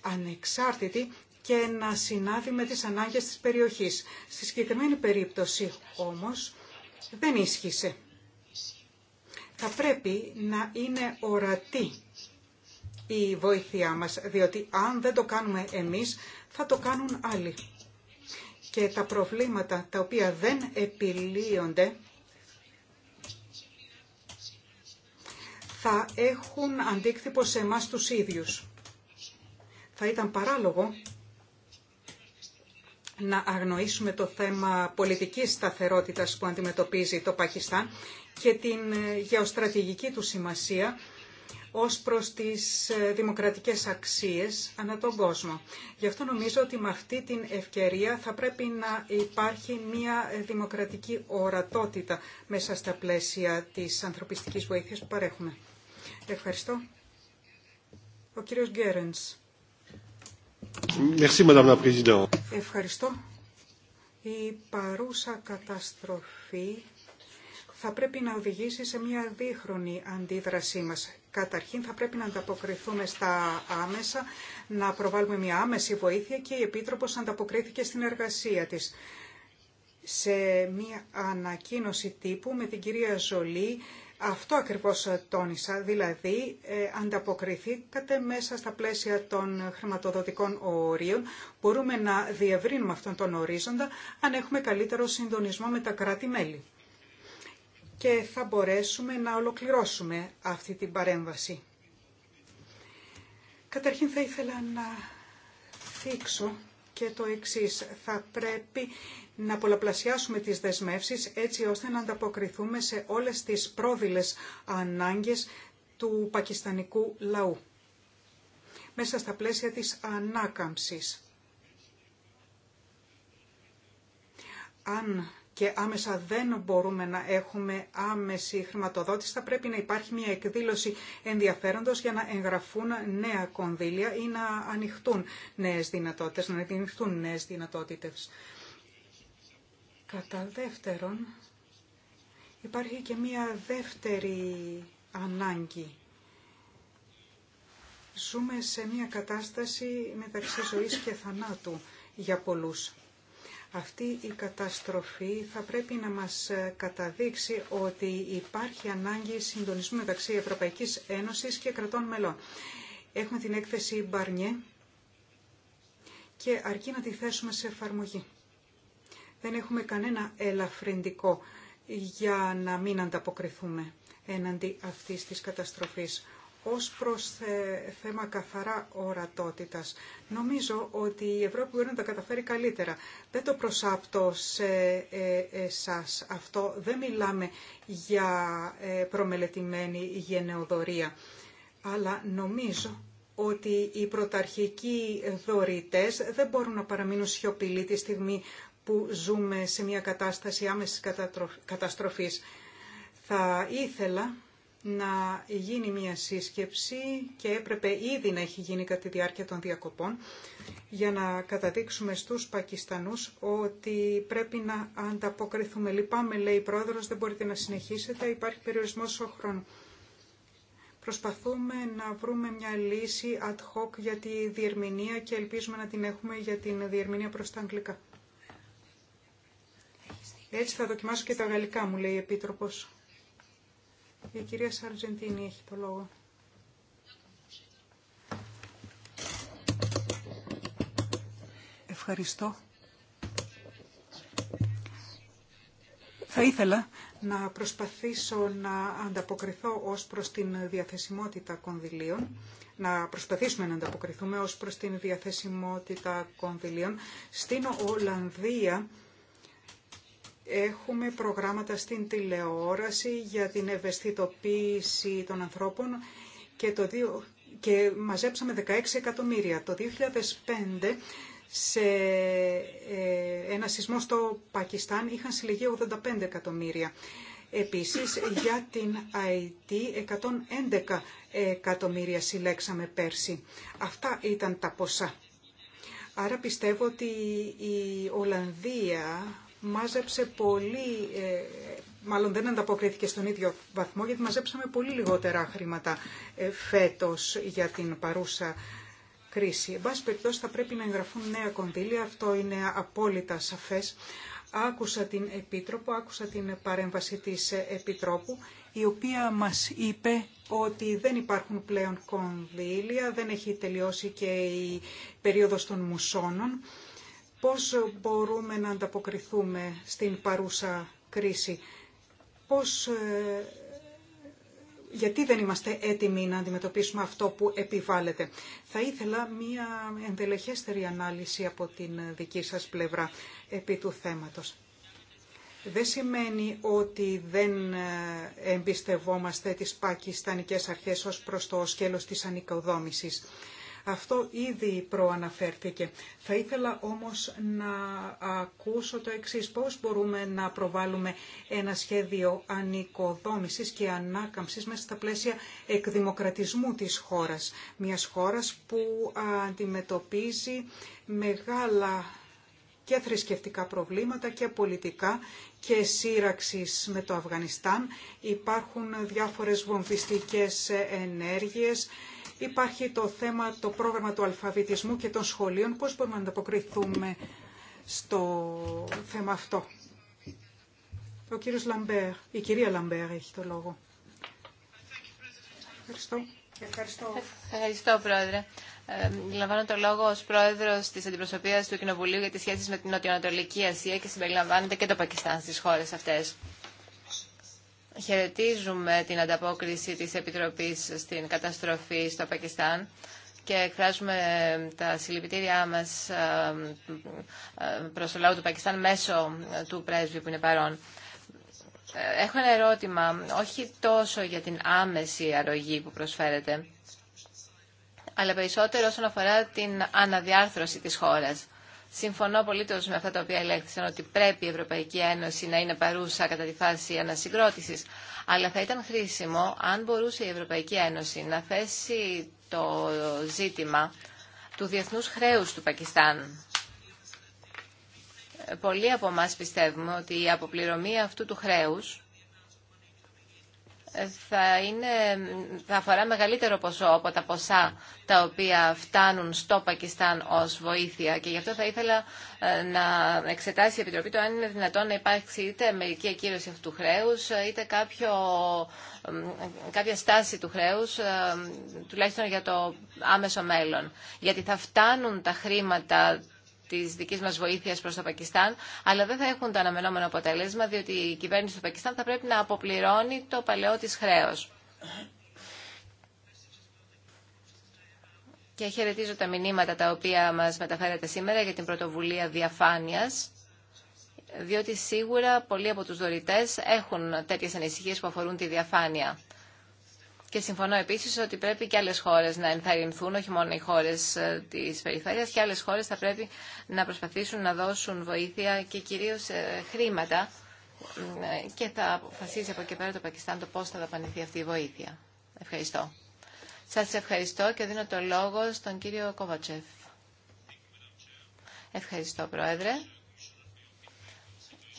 ανεξάρτητη και να συνάδει με τις ανάγκες της περιοχής. Στη συγκεκριμένη περίπτωση όμως δεν ίσχυσε. Θα πρέπει να είναι ορατή η βοήθειά μας, διότι αν δεν το κάνουμε εμείς θα το κάνουν άλλοι. Και τα προβλήματα τα οποία δεν επιλύονται θα έχουν αντίκτυπο σε εμάς τους ίδιους. Θα ήταν παράλογο να αγνοήσουμε το θέμα πολιτικής σταθερότητας που αντιμετωπίζει το Πακιστάν και την ε, γεωστρατηγική του σημασία ως προς τις ε, δημοκρατικές αξίες ανά τον κόσμο. Γι' αυτό νομίζω ότι με αυτή την ευκαιρία θα πρέπει να υπάρχει μια ε, δημοκρατική ορατότητα μέσα στα πλαίσια της ανθρωπιστικής βοήθειας που παρέχουμε. Ευχαριστώ. Ο κύριος Γκέρενς. Ευχαριστώ. Η παρούσα καταστροφή θα πρέπει να οδηγήσει σε μια δίχρονη αντίδρασή μας. Καταρχήν θα πρέπει να ανταποκριθούμε στα άμεσα, να προβάλλουμε μια άμεση βοήθεια και η Επίτροπος ανταποκρίθηκε στην εργασία της. Σε μια ανακοίνωση τύπου με την κυρία Ζολή αυτό ακριβώς ε, τόνισα, δηλαδή ε, ανταποκριθήκατε μέσα στα πλαίσια των χρηματοδοτικών ορίων. Μπορούμε να διευρύνουμε αυτόν τον ορίζοντα αν έχουμε καλύτερο συντονισμό με τα κράτη-μέλη. Και θα μπορέσουμε να ολοκληρώσουμε αυτή την παρέμβαση. Καταρχήν θα ήθελα να δείξω και το εξή. Θα πρέπει να πολλαπλασιάσουμε τις δεσμεύσεις έτσι ώστε να ανταποκριθούμε σε όλες τις πρόδειλες ανάγκες του πακιστανικού λαού μέσα στα πλαίσια της ανάκαμψης. αν και άμεσα δεν μπορούμε να έχουμε άμεση χρηματοδότηση, θα πρέπει να υπάρχει μια εκδήλωση ενδιαφέροντος για να εγγραφούν νέα κονδύλια ή να ανοιχτούν νέες δυνατότητες, να ανοιχτούν νέες δυνατότητες. Κατά δεύτερον, υπάρχει και μια δεύτερη ανάγκη. Ζούμε σε μια κατάσταση μεταξύ ζωής και θανάτου για πολλούς. Αυτή η καταστροφή θα πρέπει να μας καταδείξει ότι υπάρχει ανάγκη συντονισμού μεταξύ Ευρωπαϊκής Ένωσης και κρατών μελών. Έχουμε την έκθεση Μπαρνιέ και αρκεί να τη θέσουμε σε εφαρμογή. Δεν έχουμε κανένα ελαφρυντικό για να μην ανταποκριθούμε έναντι αυτής της καταστροφής ως προς ε, θέμα καθαρά ορατότητας. Νομίζω ότι η Ευρώπη μπορεί να τα καταφέρει καλύτερα. Δεν το προσάπτω σε ε, εσάς αυτό. Δεν μιλάμε για ε, προμελετημένη γενεοδορία. Αλλά νομίζω ότι οι πρωταρχικοί δωρητές δεν μπορούν να παραμείνουν σιωπηλοί τη στιγμή που ζούμε σε μια κατάσταση άμεσης καταστροφής. Θα ήθελα να γίνει μια σύσκεψη και έπρεπε ήδη να έχει γίνει κατά τη διάρκεια των διακοπών για να καταδείξουμε στους Πακιστανούς ότι πρέπει να ανταποκριθούμε. Λυπάμαι, λέει η πρόεδρος, δεν μπορείτε να συνεχίσετε, υπάρχει περιορισμός ο χρόνο. Προσπαθούμε να βρούμε μια λύση ad hoc για τη διερμηνία και ελπίζουμε να την έχουμε για την διερμηνία προς τα αγγλικά. Έτσι θα δοκιμάσω και τα γαλλικά, μου λέει η Επίτροπος. Η κυρία Σαρτζεντίνη έχει το λόγο. Ευχαριστώ. Θα ήθελα να προσπαθήσω να ανταποκριθώ ως προς την διαθεσιμότητα κονδυλίων, να προσπαθήσουμε να ανταποκριθούμε ως προς την διαθεσιμότητα κονδυλίων. Στην Ολλανδία Έχουμε προγράμματα στην τηλεόραση για την ευαισθητοποίηση των ανθρώπων και, το δύο, και μαζέψαμε 16 εκατομμύρια. Το 2005 σε ε, ένα σεισμό στο Πακιστάν είχαν συλλεγεί 85 εκατομμύρια. Επίσης για την IT 111 εκατομμύρια συλλέξαμε πέρσι. Αυτά ήταν τα ποσά. Άρα πιστεύω ότι η Ολλανδία μάζεψε πολύ, ε, μάλλον δεν ανταποκρίθηκε στον ίδιο βαθμό, γιατί μαζέψαμε πολύ λιγότερα χρήματα ε, φέτος για την παρούσα κρίση. Εν πάση περιπτώσει θα πρέπει να εγγραφούν νέα κονδύλια, αυτό είναι απόλυτα σαφές. Άκουσα την Επίτροπο, άκουσα την παρέμβαση της Επιτρόπου, η οποία μας είπε ότι δεν υπάρχουν πλέον κονδύλια, δεν έχει τελειώσει και η περίοδος των μουσώνων πώς μπορούμε να ανταποκριθούμε στην παρούσα κρίση. Πώς, ε, γιατί δεν είμαστε έτοιμοι να αντιμετωπίσουμε αυτό που επιβάλλεται. Θα ήθελα μία εντελεχέστερη ανάλυση από την δική σας πλευρά επί του θέματος. Δεν σημαίνει ότι δεν ε, εμπιστευόμαστε τις πακιστανικές αρχές ως προς το σκέλος της ανοικοδόμησης. Αυτό ήδη προαναφέρθηκε. Θα ήθελα όμως να ακούσω το εξής. Πώς μπορούμε να προβάλλουμε ένα σχέδιο ανοικοδόμησης και ανάκαμψης μέσα στα πλαίσια εκδημοκρατισμού της χώρας. Μιας χώρας που αντιμετωπίζει μεγάλα και θρησκευτικά προβλήματα και πολιτικά και σύραξης με το Αφγανιστάν. Υπάρχουν διάφορες βομβιστικές ενέργειες Υπάρχει το θέμα, το πρόγραμμα του αλφαβητισμού και των σχολείων. Πώς μπορούμε να ανταποκριθούμε στο θέμα αυτό. Ο κύριος Λαμπέρ, η κυρία Λαμπέρ έχει το λόγο. Ευχαριστώ. Ευχαριστώ. Ευχαριστώ, Πρόεδρε. Ε, λαμβάνω το λόγο ω Πρόεδρο τη Αντιπροσωπεία του Κοινοβουλίου για τις σχέσεις με την Νοτιοανατολική Ασία και συμπεριλαμβάνεται και το Πακιστάν στι χώρε αυτέ χαιρετίζουμε την ανταπόκριση της Επιτροπής στην καταστροφή στο Πακιστάν και εκφράζουμε τα συλληπιτήριά μας ε, ε, προς το λαό του Πακιστάν μέσω του πρέσβη που είναι παρόν. Ε, έχω ένα ερώτημα, όχι τόσο για την άμεση αρρωγή που προσφέρεται, αλλά περισσότερο όσον αφορά την αναδιάρθρωση της χώρας. Συμφωνώ πολύ με αυτά τα οποία ελέγχθησαν ότι πρέπει η Ευρωπαϊκή Ένωση να είναι παρούσα κατά τη φάση ανασυγκρότηση. Αλλά θα ήταν χρήσιμο αν μπορούσε η Ευρωπαϊκή Ένωση να θέσει το ζήτημα του διεθνούς χρέους του Πακιστάν. Πολλοί από εμά πιστεύουμε ότι η αποπληρωμή αυτού του χρέους θα, είναι, θα αφορά μεγαλύτερο ποσό από τα ποσά τα οποία φτάνουν στο Πακιστάν ως βοήθεια και γι' αυτό θα ήθελα ε, να εξετάσει η Επιτροπή το αν είναι δυνατόν να υπάρξει είτε μερική ακύρωση αυτού του χρέους είτε κάποιο, κάποια στάση του χρέους ε, τουλάχιστον για το άμεσο μέλλον. Γιατί θα φτάνουν τα χρήματα τη δική μας βοήθειας προς το Πακιστάν, αλλά δεν θα έχουν το αναμενόμενο αποτέλεσμα, διότι η κυβέρνηση του Πακιστάν θα πρέπει να αποπληρώνει το παλαιό τη χρέος. Και χαιρετίζω τα μηνύματα τα οποία μας μεταφέρατε σήμερα για την πρωτοβουλία διαφάνειας, διότι σίγουρα πολλοί από τους δωρητές έχουν τέτοιες ανησυχίες που αφορούν τη διαφάνεια. Και συμφωνώ επίσης ότι πρέπει και άλλες χώρες να ενθαρρυνθούν, όχι μόνο οι χώρες ε, της περιφέρειας, και άλλες χώρες θα πρέπει να προσπαθήσουν να δώσουν βοήθεια και κυρίως ε, χρήματα ε, και θα αποφασίσει από εκεί πέρα το Πακιστάν το πώς θα δαπανηθεί αυτή η βοήθεια. Ευχαριστώ. Σας ευχαριστώ και δίνω το λόγο στον κύριο Κόβατσεφ. Ευχαριστώ, Πρόεδρε.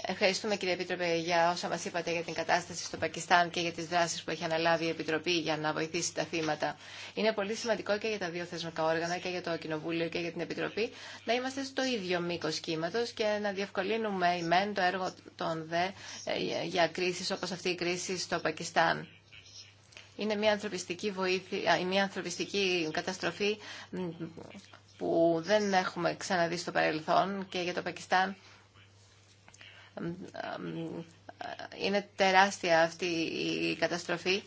Ευχαριστούμε κύριε Επίτροπε για όσα μας είπατε για την κατάσταση στο Πακιστάν και για τις δράσεις που έχει αναλάβει η Επιτροπή για να βοηθήσει τα θύματα. Είναι πολύ σημαντικό και για τα δύο θεσμικά όργανα και για το Κοινοβούλιο και για την Επιτροπή να είμαστε στο ίδιο μήκος κύματος και να διευκολύνουμε η ΜΕΝ το έργο των ΔΕ ε, για κρίσεις όπως αυτή η κρίση στο Πακιστάν. Είναι μια ανθρωπιστική, βοήθεια, ε, μια ανθρωπιστική καταστροφή που δεν έχουμε ξαναδεί στο παρελθόν και για το Πακιστάν είναι τεράστια αυτή η καταστροφή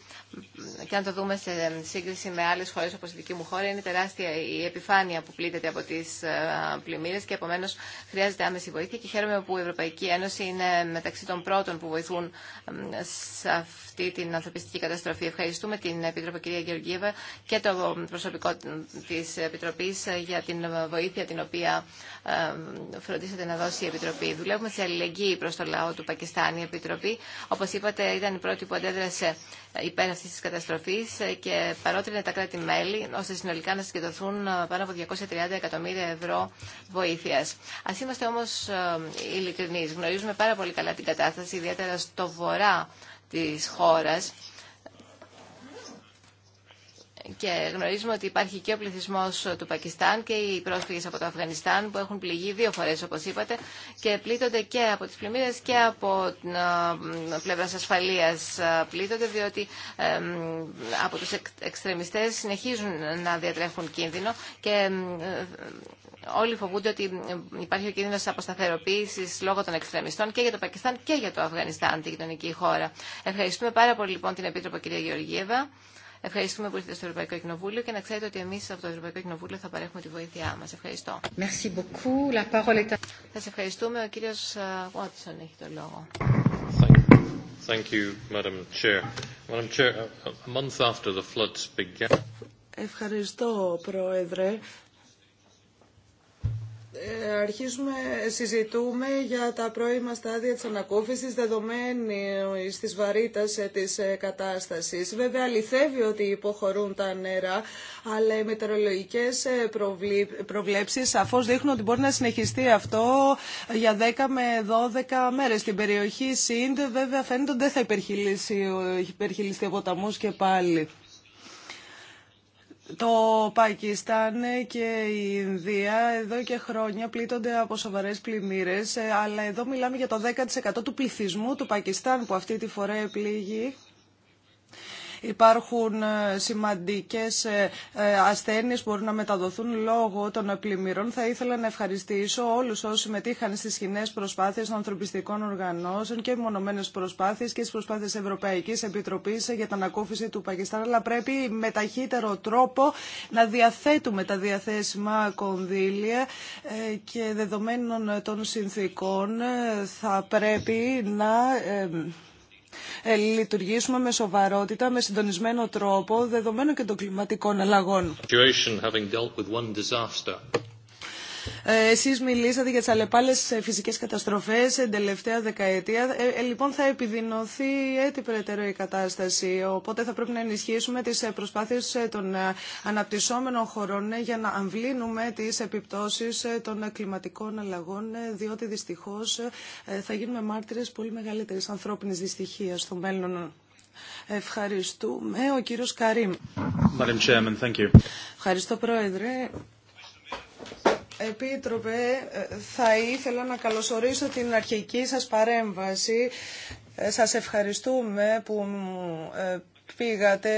και αν το δούμε σε σύγκριση με άλλες χώρες όπως η δική μου χώρα είναι τεράστια η επιφάνεια που πλήττεται από τις ε, πλημμύρες και επομένως χρειάζεται άμεση βοήθεια και χαίρομαι που η Ευρωπαϊκή Ένωση είναι μεταξύ των πρώτων που βοηθούν σε αυτή την ανθρωπιστική καταστροφή. Ευχαριστούμε την Επίτροπο κυρία Γεωργίευα και το προσωπικό της Επιτροπής για την βοήθεια την οποία φροντίσατε να δώσει η Επιτροπή. Δουλεύουμε σε αλληλεγγύη προ το λαό του Πακιστάν. Η Επιτροπή, όπω είπατε, ήταν η πρώτη που αντέδρασε υπέρ αυτή τη καταστροφή και παρότρινε τα κράτη-μέλη ώστε συνολικά να συγκεντρωθούν ε, πάνω από 230 εκατομμύρια ευρώ βοήθεια. Α είμαστε όμω ε, ειλικρινεί. Γνωρίζουμε πάρα πολύ καλά την κατάσταση, ιδιαίτερα στο βορρά τη χώρα και γνωρίζουμε ότι υπάρχει και ο πληθυσμό του Πακιστάν και οι πρόσφυγε από το Αφγανιστάν που έχουν πληγεί δύο φορέ, όπω είπατε, και πλήττονται και από τι πλημμύρε και από πλευρά ασφαλεία. Πλήττονται διότι από του εξτρεμιστέ συνεχίζουν να διατρέχουν κίνδυνο και ε, όλοι φοβούνται ότι υπάρχει ο κίνδυνο αποσταθεροποίηση λόγω των εξτρεμιστών και για το Πακιστάν και για το Αφγανιστάν, τη γειτονική χώρα. Ευχαριστούμε πάρα πολύ λοιπόν την Επίτροπο κυρία Γεωργίευα. Ευχαριστούμε που ήρθατε στο Ευρωπαϊκό Κοινοβούλιο και να ξέρετε ότι εμεί από το Ευρωπαϊκό Κοινοβούλιο θα παρέχουμε τη βοήθειά μα. Ευχαριστώ. Merci Θα ευχαριστούμε. Ο κύριο Βότσον ε, έχει το λόγο. Ευχαριστώ, Πρόεδρε αρχίζουμε, συζητούμε για τα πρώιμα στάδια της ανακούφισης δεδομένη στις βαρύτας της ε, ε, κατάστασης. Βέβαια αληθεύει ότι υποχωρούν τα νερά, αλλά οι μετεωρολογικές ε, προβλέψεις σαφώς δείχνουν ότι μπορεί να συνεχιστεί αυτό για 10 με 12 μέρες. Στην περιοχή ΣΥΝΤ βέβαια φαίνεται ότι δεν θα υπερχειλιστεί ο ποταμός και πάλι. Το Πακιστάν και η Ινδία εδώ και χρόνια πλήττονται από σοβαρές πλημμύρες, ε, αλλά εδώ μιλάμε για το 10% του πληθυσμού του Πακιστάν που αυτή τη φορά επλήγει Υπάρχουν ε, σημαντικές ε, ε, ασθένειες που μπορούν να μεταδοθούν λόγω των πλημμύρων. Θα ήθελα να ευχαριστήσω όλους όσοι συμμετείχαν στις κοινέ προσπάθειες των ανθρωπιστικών οργανώσεων και μονομένες προσπάθειες και στις προσπάθειες Ευρωπαϊκής Επιτροπής για την ανακούφιση του Πακιστάν. Αλλά πρέπει με ταχύτερο τρόπο να διαθέτουμε τα διαθέσιμα κονδύλια και δεδομένων των συνθήκων θα πρέπει να ε, λειτουργήσουμε με σοβαρότητα, με συντονισμένο τρόπο, δεδομένου και των κλιματικών αλλαγών. Ε, εσείς μιλήσατε για τις αλλεπάλες φυσικές καταστροφές την τελευταία δεκαετία. Ε, ε, λοιπόν, θα επιδεινωθεί έτσι περαιτέρω η κατάσταση. Οπότε θα πρέπει να ενισχύσουμε τις ε, προσπάθειες των αναπτυσσόμενων χωρών για να αμβλύνουμε τις επιπτώσεις των κλιματικών αλλαγών, διότι δυστυχώς θα γίνουμε μάρτυρες πολύ μεγαλύτερης ανθρώπινης δυστυχίας στο μέλλον. Ευχαριστούμε. Ο κύριος Καρύμ. Ευχαριστώ, Πρόεδρε. Επίτροπε, θα ήθελα να καλωσορίσω την αρχική σας παρέμβαση. Ε, σας ευχαριστούμε που ε, πήγατε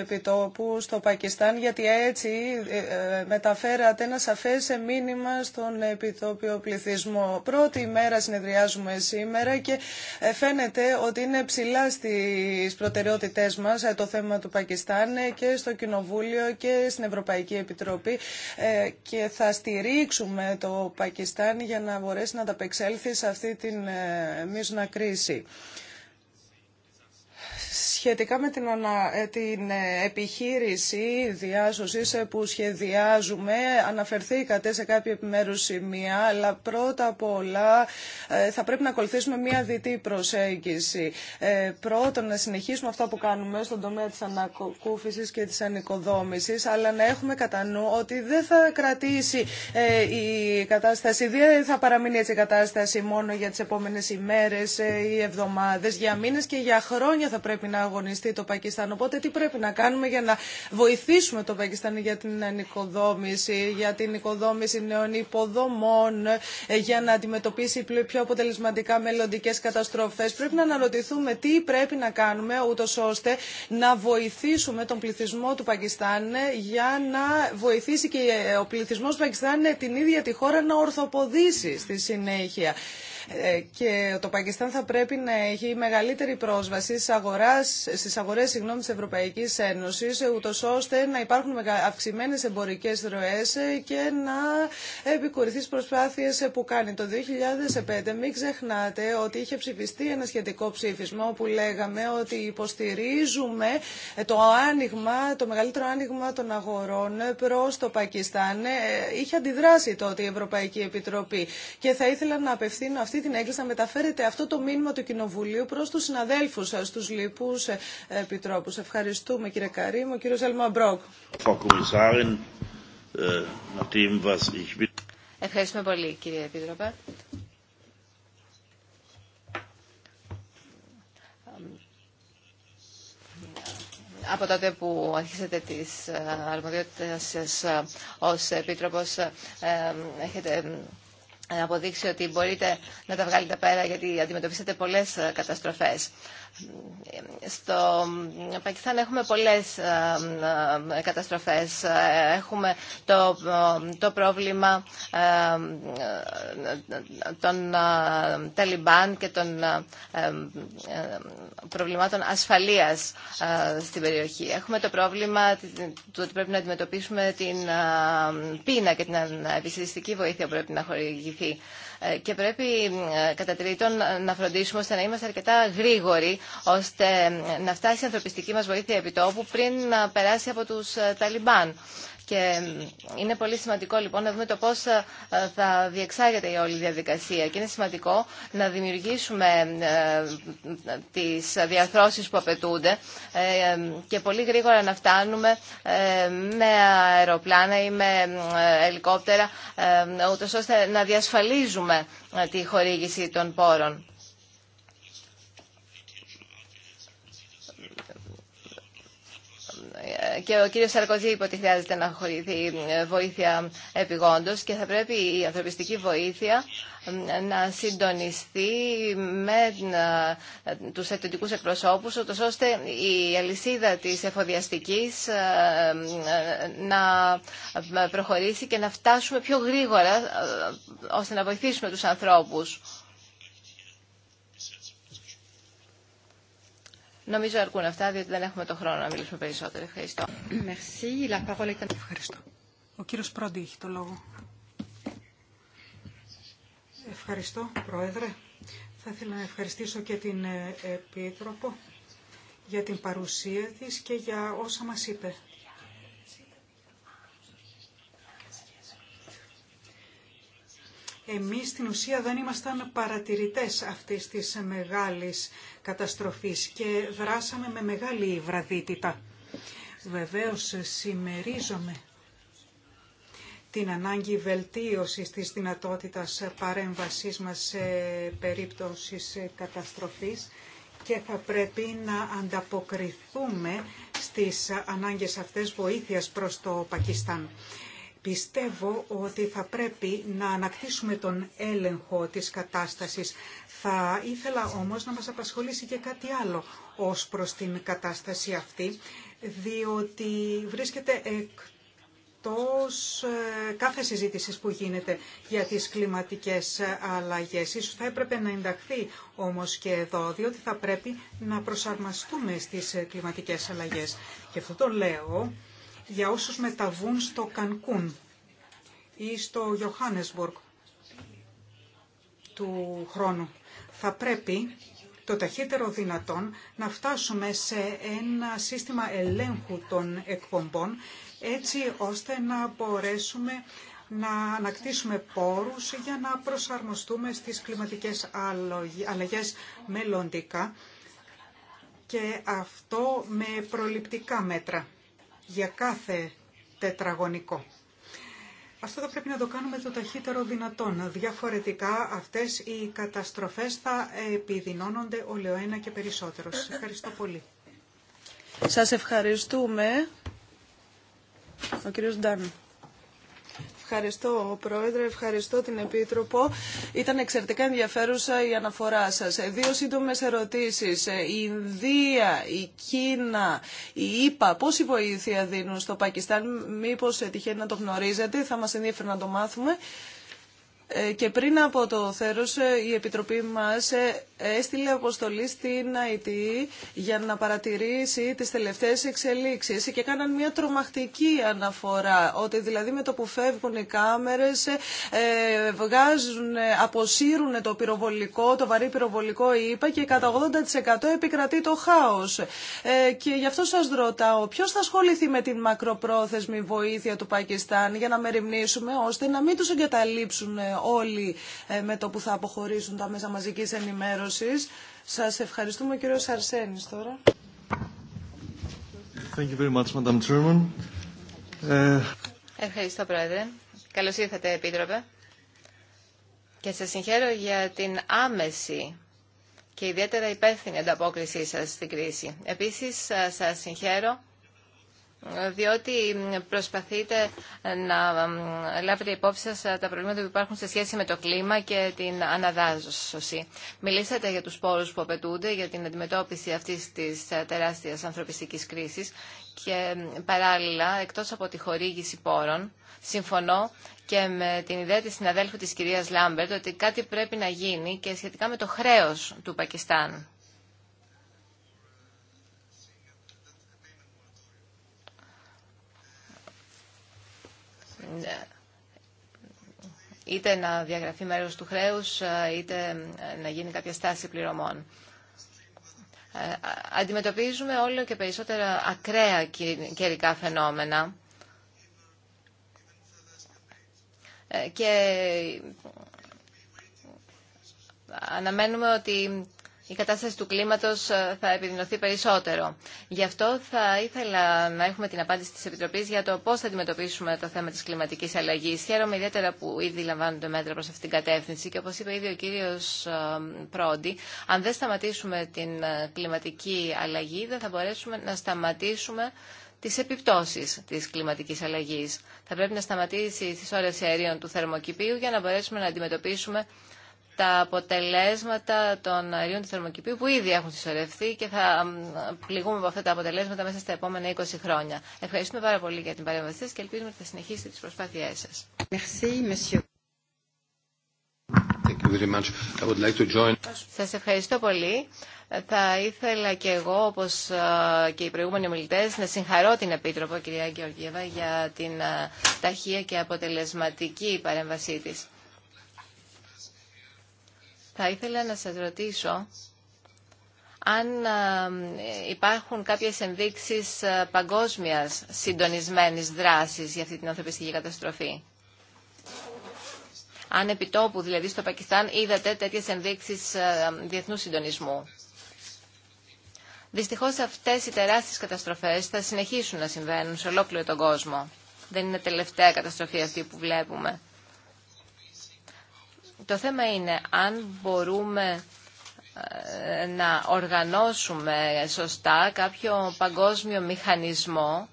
επί τόπου στο Πακιστάν γιατί έτσι ε, ε, μεταφέρατε ένα σαφές μήνυμα στον επιτόπιο πληθυσμό. Πρώτη ημέρα συνεδριάζουμε σήμερα και ε, φαίνεται ότι είναι ψηλά στις προτεραιότητές μας το θέμα του Πακιστάν και στο Κοινοβούλιο και στην Ευρωπαϊκή Επιτροπή και θα στηρίξουμε το Πακιστάν για να μπορέσει να ανταπεξέλθει σε αυτή την μείζουνα κρίση σχετικά με την, ε, την ε, επιχείρηση διάσωσης ε, που σχεδιάζουμε, αναφερθήκατε σε κάποια επιμέρους σημεία, αλλά πρώτα απ' όλα θα πρέπει να ακολουθήσουμε μια διτή προσέγγιση. Πρώτον, να συνεχίσουμε αυτό που κάνουμε στον τομέα της ανακούφισης και της ανοικοδόμησης, αλλά να έχουμε κατά νου ότι δεν θα κρατήσει η κατάσταση, δεν θα παραμείνει έτσι η κατάσταση μόνο για τις επόμενες ημέρες ή εβδομάδες, για μήνες και για χρόνια θα πρέπει να πρωταγωνιστεί το Πακιστάν. Οπότε τι πρέπει να κάνουμε για να βοηθήσουμε το Πακιστάν για την ανοικοδόμηση, για την οικοδόμηση νέων υποδομών, ε, για να αντιμετωπίσει πιο αποτελεσματικά μελλοντικέ καταστροφέ. Πρέπει να αναρωτηθούμε τι πρέπει να κάνουμε, ούτω ώστε να βοηθήσουμε τον πληθυσμό του Πακιστάν ε, για να βοηθήσει και ε, ο πληθυσμό του Πακιστάν την ίδια τη χώρα να ορθοποδήσει στη συνέχεια. Ε, και το Πακιστάν θα πρέπει να έχει μεγαλύτερη πρόσβαση στις αγορές, στις αγορές συγγνώμη, της Ευρωπαϊκής Ένωσης, ούτως ώστε να υπάρχουν αυξημένες εμπορικές ροές και να επικουρηθεί στις προσπάθειες που κάνει. Το 2005 μην ξεχνάτε ότι είχε ψηφιστεί ένα σχετικό ψήφισμα όπου λέγαμε ότι υποστηρίζουμε το άνοιγμα, το μεγαλύτερο άνοιγμα των αγορών προς το Πακιστάν. Ε, είχε αντιδράσει τότε η Ευρωπαϊκή Επιτροπή και θα ήθελα να απευθύνω αυτή την να μεταφέρετε αυτό το μήνυμα του Κοινοβουλίου προς τους συναδέλφους σας, τους λοιπούς ε, επιτρόπους. Ευχαριστούμε κύριε Καρύμ, ο κύριος Ελμαμπρόκ. Ε, Ευχαριστούμε πολύ κύριε Επίτροπε. από τότε που αρχίσατε τις ε, αρμοδιότητες σας ως Επίτροπος έχετε αποδείξει ότι μπορείτε να τα βγάλετε πέρα γιατί αντιμετωπίσατε πολλές ε, καταστροφές. Στο Πακιστάν έχουμε πολλές ε, ε, καταστροφές. Έχουμε το, το πρόβλημα των Ταλιμπάν και των προβλημάτων ασφαλείας στην περιοχή. Έχουμε το πρόβλημα του ότι πρέπει να αντιμετωπίσουμε την πείνα και την επιστημιστική βοήθεια που πρέπει να χορηγηθεί ε, και πρέπει ε, κατά τρίτον ε, να φροντίσουμε ώστε να είμαστε αρκετά γρήγοροι ώστε να φτάσει η ανθρωπιστική μας βοήθεια επιτόπου πριν να περάσει από τους Ταλιμπάν. Και είναι πολύ σημαντικό λοιπόν να δούμε το πώς ε, θα διεξάγεται η όλη διαδικασία. Και είναι σημαντικό να δημιουργήσουμε ε, τις διαθρώσεις που απαιτούνται ε, και πολύ γρήγορα να φτάνουμε με αεροπλάνα ή με ελικόπτερα, ούτως ώστε να διασφαλίζουμε τη χορήγηση των πόρων. και ο κύριος Σαρκοζή είπε ότι χρειάζεται να χωρηθεί ε, βοήθεια επιγόντως και θα πρέπει η ανθρωπιστική βοήθεια να συντονιστεί με ε, τους εθνικούς εκπροσώπους ώστε η αλυσίδα της εφοδιαστικής ε, να προχωρήσει και να φτάσουμε πιο γρήγορα ώστε να βοηθήσουμε τους ανθρώπους. Νομίζω αρκούν αυτά, διότι δεν έχουμε το χρόνο να μιλήσουμε περισσότερο. Ευχαριστώ. Ευχαριστώ. Ο κύριος Πρόντι έχει το λόγο. Ευχαριστώ, Πρόεδρε. Θα ήθελα να ευχαριστήσω και την ε, Επίτροπο για την παρουσία της και για όσα μας είπε. Εμείς στην ουσία δεν ήμασταν παρατηρητές αυτής της μεγάλης καταστροφής και δράσαμε με μεγάλη βραδύτητα. Βεβαίως συμμερίζομαι την ανάγκη βελτίωσης της δυνατότητας παρέμβασής μας σε περίπτωσης καταστροφής και θα πρέπει να ανταποκριθούμε στις ανάγκες αυτές βοήθειας προς το Πακιστάν. Πιστεύω ότι θα πρέπει να ανακτήσουμε τον έλεγχο της κατάστασης. Θα ήθελα όμως να μας απασχολήσει και κάτι άλλο ως προς την κατάσταση αυτή, διότι βρίσκεται εκτός ε, κάθε συζήτησης που γίνεται για τις κλιματικές αλλαγές. Ίσως θα έπρεπε να ενταχθεί όμως και εδώ, διότι θα πρέπει να προσαρμαστούμε στις ε, κλιματικές αλλαγές. Και αυτό το λέω για όσους μεταβούν στο Κανκούν ή στο Johannesburg του χρόνου. Θα πρέπει το ταχύτερο δυνατόν να φτάσουμε σε ένα σύστημα ελέγχου των εκπομπών έτσι ώστε να μπορέσουμε να ανακτήσουμε πόρους για να προσαρμοστούμε στις κλιματικές αλλαγές μελλοντικά και αυτό με προληπτικά μέτρα για κάθε τετραγωνικό. Αυτό θα πρέπει να το κάνουμε το ταχύτερο δυνατόν. Διαφορετικά αυτές οι καταστροφές θα επιδεινώνονται ολαιοένα και περισσότερο. Σας ευχαριστώ πολύ. Σας ευχαριστούμε. Ο κύριος Ντάνου. Ευχαριστώ, Πρόεδρε, ευχαριστώ την Επίτροπο. Ήταν εξαιρετικά ενδιαφέρουσα η αναφορά σας. Ε, δύο σύντομες ερωτήσεις. Ε, η Ινδία, η Κίνα, η ΙΠΑ, πόση βοήθεια δίνουν στο Πακιστάν, μήπως ε, τυχαίνει να το γνωρίζετε, θα μας ενδιαφέρει να το μάθουμε. Και πριν από το θέρος, η Επιτροπή μας έστειλε αποστολή στην IT για να παρατηρήσει τις τελευταίες εξελίξεις και κάναν μια τρομακτική αναφορά ότι δηλαδή με το που φεύγουν οι κάμερες ε, βγάζουν, ε, αποσύρουν το πυροβολικό, το βαρύ πυροβολικό είπα και κατά 80% επικρατεί το χάος. Ε, και γι' αυτό σας ρωτάω ποιος θα ασχοληθεί με την μακροπρόθεσμη βοήθεια του Πακιστάν για να μεριμνήσουμε ώστε να μην τους εγκαταλείψουν όλοι με το που θα αποχωρήσουν τα μέσα μαζικής ενημέρωσης Ένωσης. Σας ευχαριστούμε κύριο Σαρσένης τώρα. Thank you very much, Madam Chairman. Ε, Ευχαριστώ Πρόεδρε. Καλώς ήρθατε Επίτροπε. Και σας συγχαίρω για την άμεση και ιδιαίτερα υπεύθυνη ανταπόκρισή σας στην κρίση. Επίσης σας συγχαίρω διότι προσπαθείτε να λάβετε υπόψη σας τα προβλήματα που υπάρχουν σε σχέση με το κλίμα και την αναδάσωση. Μιλήσατε για τους πόρους που απαιτούνται για την αντιμετώπιση αυτής της τεράστιας ανθρωπιστικής κρίσης και παράλληλα, εκτός από τη χορήγηση πόρων, συμφωνώ και με την ιδέα της συναδέλφου της κυρίας Λάμπερτ ότι κάτι πρέπει να γίνει και σχετικά με το χρέος του Πακιστάν. είτε να διαγραφεί μέρος του χρέους, είτε να γίνει κάποια στάση πληρωμών. Ε, αντιμετωπίζουμε όλο και περισσότερα ακραία καιρικά φαινόμενα ε, και αναμένουμε ότι η κατάσταση του κλίματος ε, θα επιδεινωθεί περισσότερο. Γι' αυτό θα ήθελα να έχουμε την απάντηση της Επιτροπής για το πώς θα αντιμετωπίσουμε το θέμα της κλιματικής αλλαγής. Χαίρομαι ιδιαίτερα που ήδη λαμβάνονται μέτρα προς αυτήν την κατεύθυνση και όπως είπε ήδη ο κύριος ε, Πρόντι, αν δεν σταματήσουμε την ε, κλιματική αλλαγή δεν θα μπορέσουμε να σταματήσουμε τις επιπτώσεις της κλιματικής αλλαγής. Θα πρέπει να σταματήσει η συσσόρευση αερίων του θερμοκηπίου για να μπορέσουμε να αντιμετωπίσουμε τα αποτελέσματα των αερίων του θερμοκηπίου που ήδη έχουν συσσωρευτεί και θα πληγούμε από αυτά τα αποτελέσματα μέσα στα επόμενα 20 χρόνια. Ευχαριστούμε πάρα πολύ για την παρέμβασή σας και ελπίζουμε ότι θα συνεχίσετε τις προσπάθειές σας. Σας ευχαριστώ πολύ. Θα ήθελα και εγώ, όπως ε, και οι προηγούμενοι ομιλητές, να συγχαρώ την Επίτροπο, κυρία Γεωργίευα, για την ε, ταχεία και αποτελεσματική παρέμβασή της. Θα ήθελα να σας ρωτήσω αν ε, υπάρχουν κάποιες ενδείξεις ε, παγκόσμιας συντονισμένης δράσης για αυτή την ανθρωπιστική καταστροφή. Αν επιτόπου, δηλαδή στο Πακιστάν, είδατε τέτοιες ενδείξεις ε, διεθνού συντονισμού. Δυστυχώς αυτές οι τεράστιες καταστροφές θα συνεχίσουν να συμβαίνουν σε ολόκληρο τον κόσμο. Δεν είναι τελευταία καταστροφή αυτή που βλέπουμε. Το θέμα είναι αν μπορούμε ε, να οργανώσουμε σωστά κάποιο παγκόσμιο μηχανισμό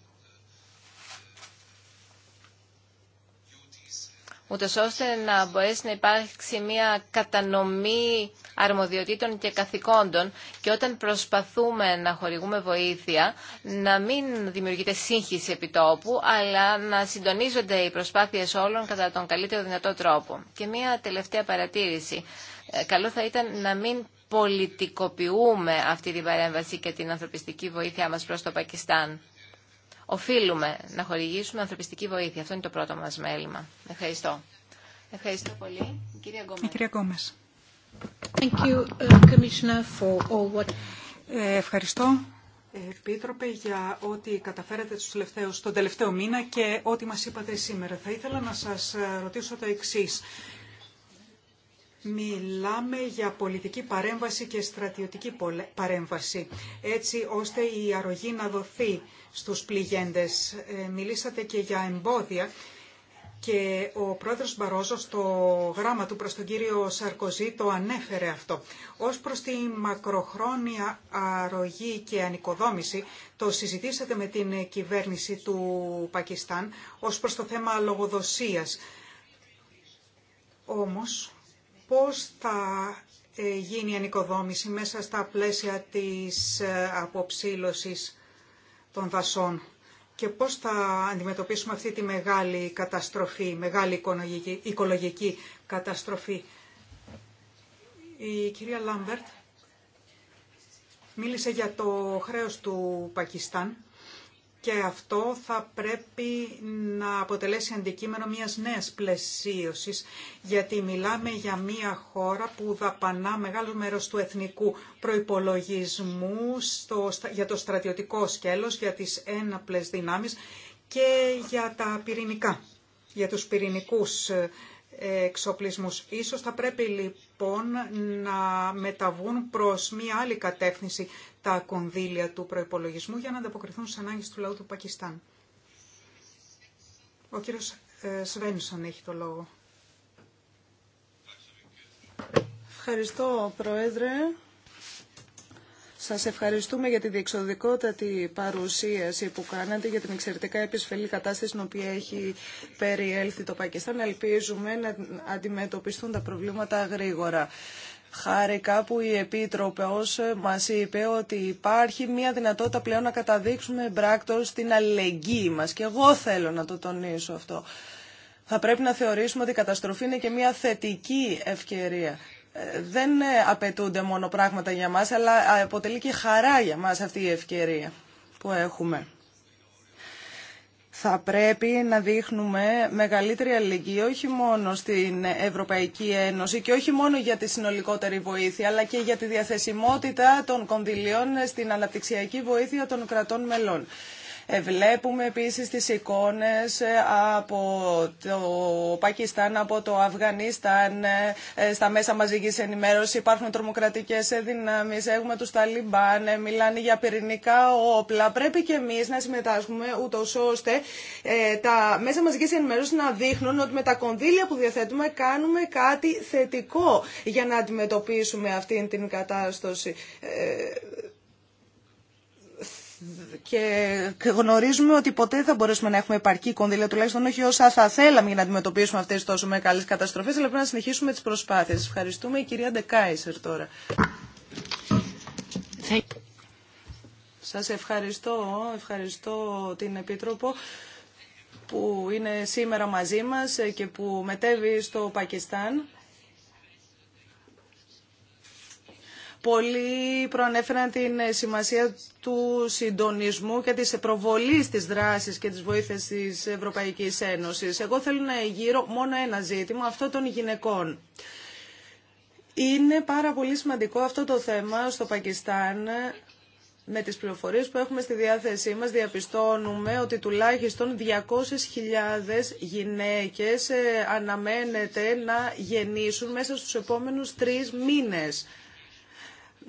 ούτως ώστε να μπορέσει να υπάρξει μια κατανομή αρμοδιοτήτων και καθηκόντων και όταν προσπαθούμε να χορηγούμε βοήθεια να μην δημιουργείται σύγχυση επιτόπου αλλά να συντονίζονται οι προσπάθειες όλων κατά τον καλύτερο δυνατό τρόπο. Και μια τελευταία παρατήρηση. Ε, καλό θα ήταν να μην πολιτικοποιούμε αυτή την παρέμβαση και την ανθρωπιστική βοήθειά μας προς το Πακιστάν. Οφείλουμε να χορηγήσουμε ανθρωπιστική βοήθεια. Αυτό είναι το πρώτο μας μέλημα. Ευχαριστώ. Ευχαριστώ πολύ. Η κυρία Γκόμες. Thank you, uh, Commissioner, for all what... Ε, ευχαριστώ, Επίτροπε, για ό,τι καταφέρατε στον τελευταίους, στο τελευταίο μήνα και ό,τι μας είπατε σήμερα. Θα ήθελα να σας ε, ρωτήσω το εξής. Μιλάμε για πολιτική παρέμβαση και στρατιωτική παρέμβαση, έτσι ώστε η αρρωγή να δοθεί στους πληγέντες. Ε, μιλήσατε και για εμπόδια και ο πρόεδρος Μπαρόζο στο γράμμα του προς τον κύριο Σαρκοζή το ανέφερε αυτό. Ως προς τη μακροχρόνια αρρωγή και ανοικοδόμηση το συζητήσατε με την κυβέρνηση του Πακιστάν ως προς το θέμα λογοδοσίας. Όμως πώς θα ε, γίνει η ανοικοδόμηση μέσα στα πλαίσια της ε, αποψήλωσης των δασών και πώς θα αντιμετωπίσουμε αυτή τη μεγάλη καταστροφή, μεγάλη οικολογική καταστροφή. Η κυρία Λάμπερτ μίλησε για το χρέος του Πακιστάν και αυτό θα πρέπει να αποτελέσει αντικείμενο μιας νέας πλαισίωσης, γιατί μιλάμε για μια χώρα που δαπανά μεγάλο μέρος του εθνικού προϋπολογισμού στο, για το στρατιωτικό σκέλος, για τις έναπλες δυνάμεις και για τα πυρηνικά, για τους πυρηνικούς ε, εξοπλισμούς. Ίσως θα πρέπει λοιπόν να μεταβούν προς μία άλλη κατεύθυνση τα κονδύλια του προϋπολογισμού για να ανταποκριθούν στις ανάγκες του λαού του Πακιστάν. Ο κύριος ε, Σβένσον έχει το λόγο. Ευχαριστώ, Πρόεδρε. Σας ευχαριστούμε για τη διεξοδικότατη παρουσίαση που κάνατε για την εξαιρετικά επισφελή κατάσταση στην οποία έχει περιέλθει το Πακιστάν. Ελπίζουμε να αντιμετωπιστούν τα προβλήματα γρήγορα. Χάρη που η ως μας είπε ότι υπάρχει μια δυνατότητα πλέον να καταδείξουμε πράκτος την αλληλεγγύη μας και εγώ θέλω να το τονίσω αυτό. Θα πρέπει να θεωρήσουμε ότι η καταστροφή είναι και μια θετική ευκαιρία δεν απαιτούνται μόνο πράγματα για μας, αλλά αποτελεί και χαρά για μας αυτή η ευκαιρία που έχουμε. Θα πρέπει να δείχνουμε μεγαλύτερη αλληλεγγύη όχι μόνο στην Ευρωπαϊκή Ένωση και όχι μόνο για τη συνολικότερη βοήθεια αλλά και για τη διαθεσιμότητα των κονδυλίων στην αναπτυξιακή βοήθεια των κρατών μελών. Ε, βλέπουμε επίσης τις εικόνες ε, από το Πακιστάν, από το Αφγανίσταν, ε, στα μέσα μαζικής ενημέρωσης υπάρχουν τρομοκρατικές δυνάμεις, έχουμε τους Ταλιμπάν, μιλάνε για πυρηνικά όπλα. Πρέπει και εμείς να συμμετάσχουμε ούτως ώστε τα μέσα μαζικής ενημέρωσης να δείχνουν ότι με τα κονδύλια που διαθέτουμε κάνουμε κάτι θετικό για να αντιμετωπίσουμε αυτή την κατάσταση και γνωρίζουμε ότι ποτέ δεν θα μπορέσουμε να έχουμε επαρκή κονδύλια, τουλάχιστον όχι όσα θα θέλαμε για να αντιμετωπίσουμε αυτέ τι τόσο μεγάλε καταστροφέ, αλλά πρέπει να συνεχίσουμε τι προσπάθειε. Ευχαριστούμε. Η κυρία Ντεκάισερ τώρα. Σας ευχαριστώ, ευχαριστώ την Επίτροπο που είναι σήμερα μαζί μας και που μετέβει στο Πακιστάν. Πολλοί προανέφεραν την σημασία του συντονισμού και της προβολής της δράσης και της βοήθειας της Ευρωπαϊκής Ένωσης. Εγώ θέλω να γύρω μόνο ένα ζήτημα, αυτό των γυναικών. Είναι πάρα πολύ σημαντικό αυτό το θέμα στο Πακιστάν. Με τις πληροφορίες που έχουμε στη διάθεσή μας διαπιστώνουμε ότι τουλάχιστον 200.000 γυναίκες ε, αναμένεται να γεννήσουν μέσα στους επόμενους τρεις μήνες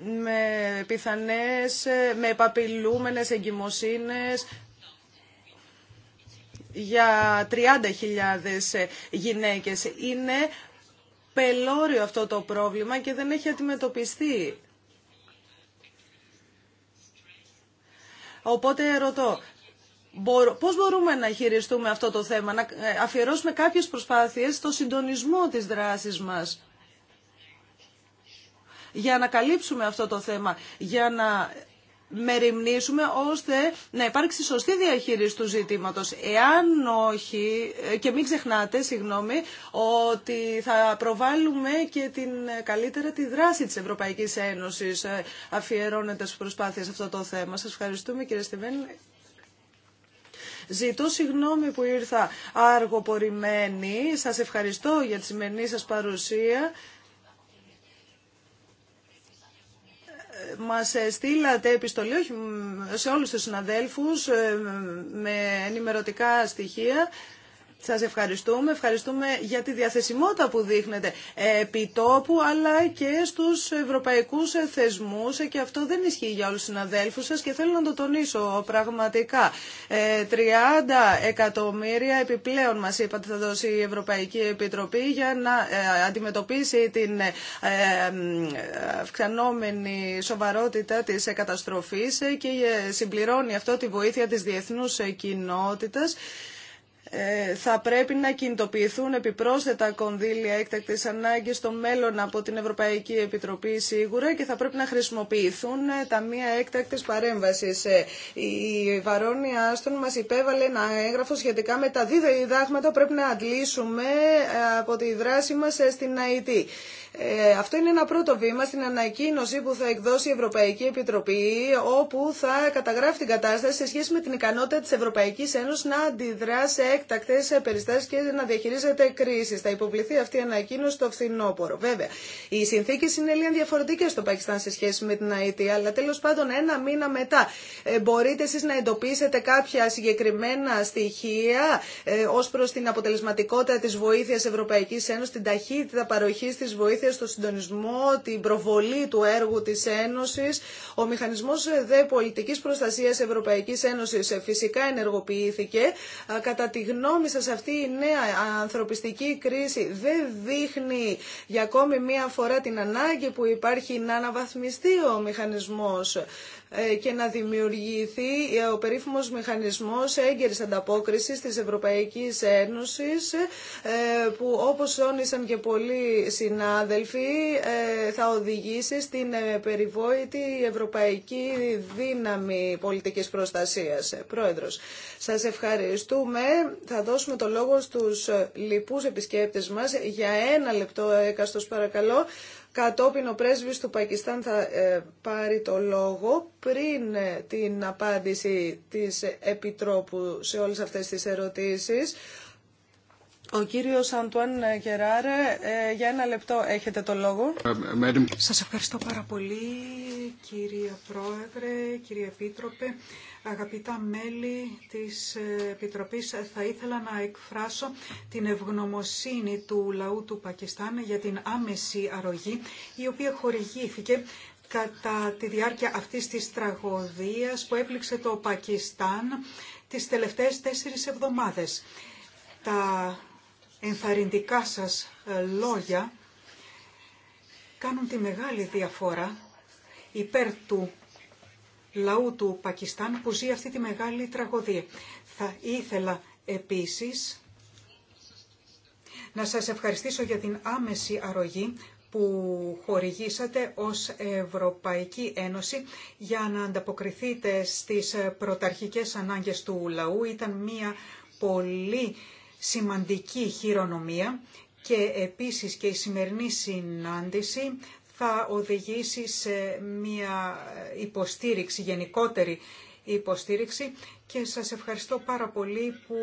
με πιθανές, με επαπειλούμενες εγκυμοσύνες, για 30.000 γυναίκες. Είναι πελώριο αυτό το πρόβλημα και δεν έχει αντιμετωπιστεί. Οπότε ρωτώ, πώς μπορούμε να χειριστούμε αυτό το θέμα, να ε, αφιερώσουμε κάποιες προσπάθειες στο συντονισμό της δράσης μας για να καλύψουμε αυτό το θέμα, για να μεριμνήσουμε ώστε να υπάρξει σωστή διαχείριση του ζητήματος. Εάν όχι, ε, και μην ξεχνάτε, συγγνώμη, ότι θα προβάλλουμε και την καλύτερα τη δράση της Ευρωπαϊκής Ένωσης ε, αφιερώνεται στις προσπάθειες αυτό το θέμα. Σας ευχαριστούμε κύριε Στιβέν. Ζητώ συγγνώμη που ήρθα αργοπορημένη. Σας ευχαριστώ για τη σημερινή σας παρουσία. μας στείλατε επιστολή όχι σε όλους τους συναδέλφους ε, με ενημερωτικά στοιχεία σας ευχαριστούμε. Ευχαριστούμε για τη διαθεσιμότητα που δείχνετε επί τόπου αλλά και στους ευρωπαϊκούς θεσμούς και αυτό δεν ισχύει για όλους τους συναδέλφους σας και θέλω να το τονίσω πραγματικά. 30 ε, εκατομμύρια επιπλέον μας είπατε θα δώσει η Ευρωπαϊκή Επιτροπή για να ε, αντιμετωπίσει την ε, αυξανόμενη σοβαρότητα της καταστροφής και συμπληρώνει αυτό τη βοήθεια της διεθνούς κοινότητας. Ε, θα πρέπει να κινητοποιηθούν επιπρόσθετα κονδύλια έκτακτης ανάγκης στο μέλλον από την Ευρωπαϊκή Επιτροπή σίγουρα και θα πρέπει να χρησιμοποιηθούν ε, τα μία έκτακτης παρέμβαση. Ε, η Βαρόνια Άστον μας υπέβαλε ένα έγγραφο σχετικά με τα δίδαγματα που πρέπει να αντλήσουμε από τη δράση μας στην ΑΕΤ. Ε, αυτό είναι ένα πρώτο βήμα στην ανακοίνωση που θα εκδώσει η Ευρωπαϊκή Επιτροπή, όπου θα καταγράφει την κατάσταση σε σχέση με την ικανότητα τη Ευρωπαϊκή Ένωση να αντιδρά σε έκτακτε περιστάσει και να διαχειρίζεται κρίσει. Θα υποβληθεί αυτή η ανακοίνωση το φθινόπωρο. Βέβαια, οι συνθήκε είναι λίγο διαφορετικέ στο Πακιστάν σε σχέση με την ΑΕΤ, αλλά τέλο πάντων ένα μήνα μετά ε, μπορείτε εσεί να εντοπίσετε κάποια συγκεκριμένα στοιχεία ε, ω προ την αποτελεσματικότητα τη βοήθεια Ευρωπαϊκή Ένωση, την ταχύτητα παροχή τη βοήθεια βοήθεια στο συντονισμό, την προβολή του έργου της Ένωσης. Ο μηχανισμός δε πολιτικής προστασίας Ευρωπαϊκής Ένωσης φυσικά ενεργοποιήθηκε. Κατά τη γνώμη σας αυτή η νέα ανθρωπιστική κρίση δεν δείχνει για ακόμη μία φορά την ανάγκη που υπάρχει να αναβαθμιστεί ο μηχανισμός. Ε, και να δημιουργηθεί ε, ο περίφημος μηχανισμός έγκαιρης ανταπόκρισης της Ευρωπαϊκής Ένωσης ε, που όπως όνεισαν και πολλοί συνάδελφοι θα οδηγήσει στην περιβόητη ευρωπαϊκή δύναμη πολιτικής προστασίας. Πρόεδρος, σας ευχαριστούμε. Θα δώσουμε το λόγο στους λοιπούς επισκέπτες μας για ένα λεπτό έκαστος παρακαλώ. Κατόπιν ο πρέσβης του Πακιστάν θα ε, πάρει το λόγο πριν ε, την απάντηση της Επιτρόπου σε όλες αυτές τις ερωτήσεις. Ο κύριος Αντουάν Γεράρε, ε, για ένα λεπτό έχετε το λόγο. Ε, Σας ευχαριστώ πάρα πολύ, κυρία Πρόεδρε, κύριε Επίτροπε. Αγαπητά μέλη της ε, Επιτροπής, θα ήθελα να εκφράσω την ευγνωμοσύνη του λαού του Πακιστάν για την άμεση αρρωγή, η οποία χορηγήθηκε κατά τη διάρκεια αυτής της τραγωδίας που έπληξε το Πακιστάν τις τελευταίες τέσσερις εβδομάδες. Τα ενθαρρυντικά σας ε, λόγια κάνουν τη μεγάλη διαφορά υπέρ του λαού του Πακιστάν που ζει αυτή τη μεγάλη τραγωδία. Θα ήθελα επίσης να σας ευχαριστήσω για την άμεση αρρωγή που χορηγήσατε ως Ευρωπαϊκή Ένωση για να ανταποκριθείτε στις πρωταρχικές ανάγκες του λαού. Ήταν μια πολύ σημαντική χειρονομία και επίσης και η σημερινή συνάντηση θα οδηγήσει σε μια υποστήριξη, γενικότερη υποστήριξη και σας ευχαριστώ πάρα πολύ που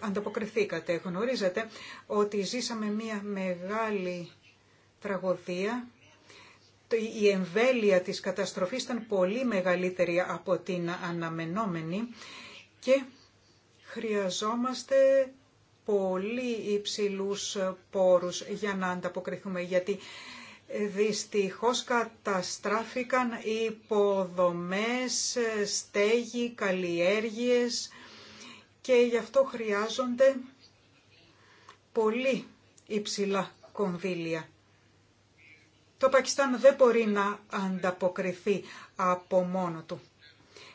ανταποκριθήκατε. Γνωρίζετε ότι ζήσαμε μια μεγάλη τραγωδία. Η εμβέλεια της καταστροφής ήταν πολύ μεγαλύτερη από την αναμενόμενη και χρειαζόμαστε πολύ υψηλούς πόρους για να ανταποκριθούμε, γιατί ε, δυστυχώς καταστράφηκαν υποδομές, στέγη, καλλιέργειες και γι' αυτό χρειάζονται πολύ υψηλά κονδύλια. Το Πακιστάν δεν μπορεί να ανταποκριθεί από μόνο του.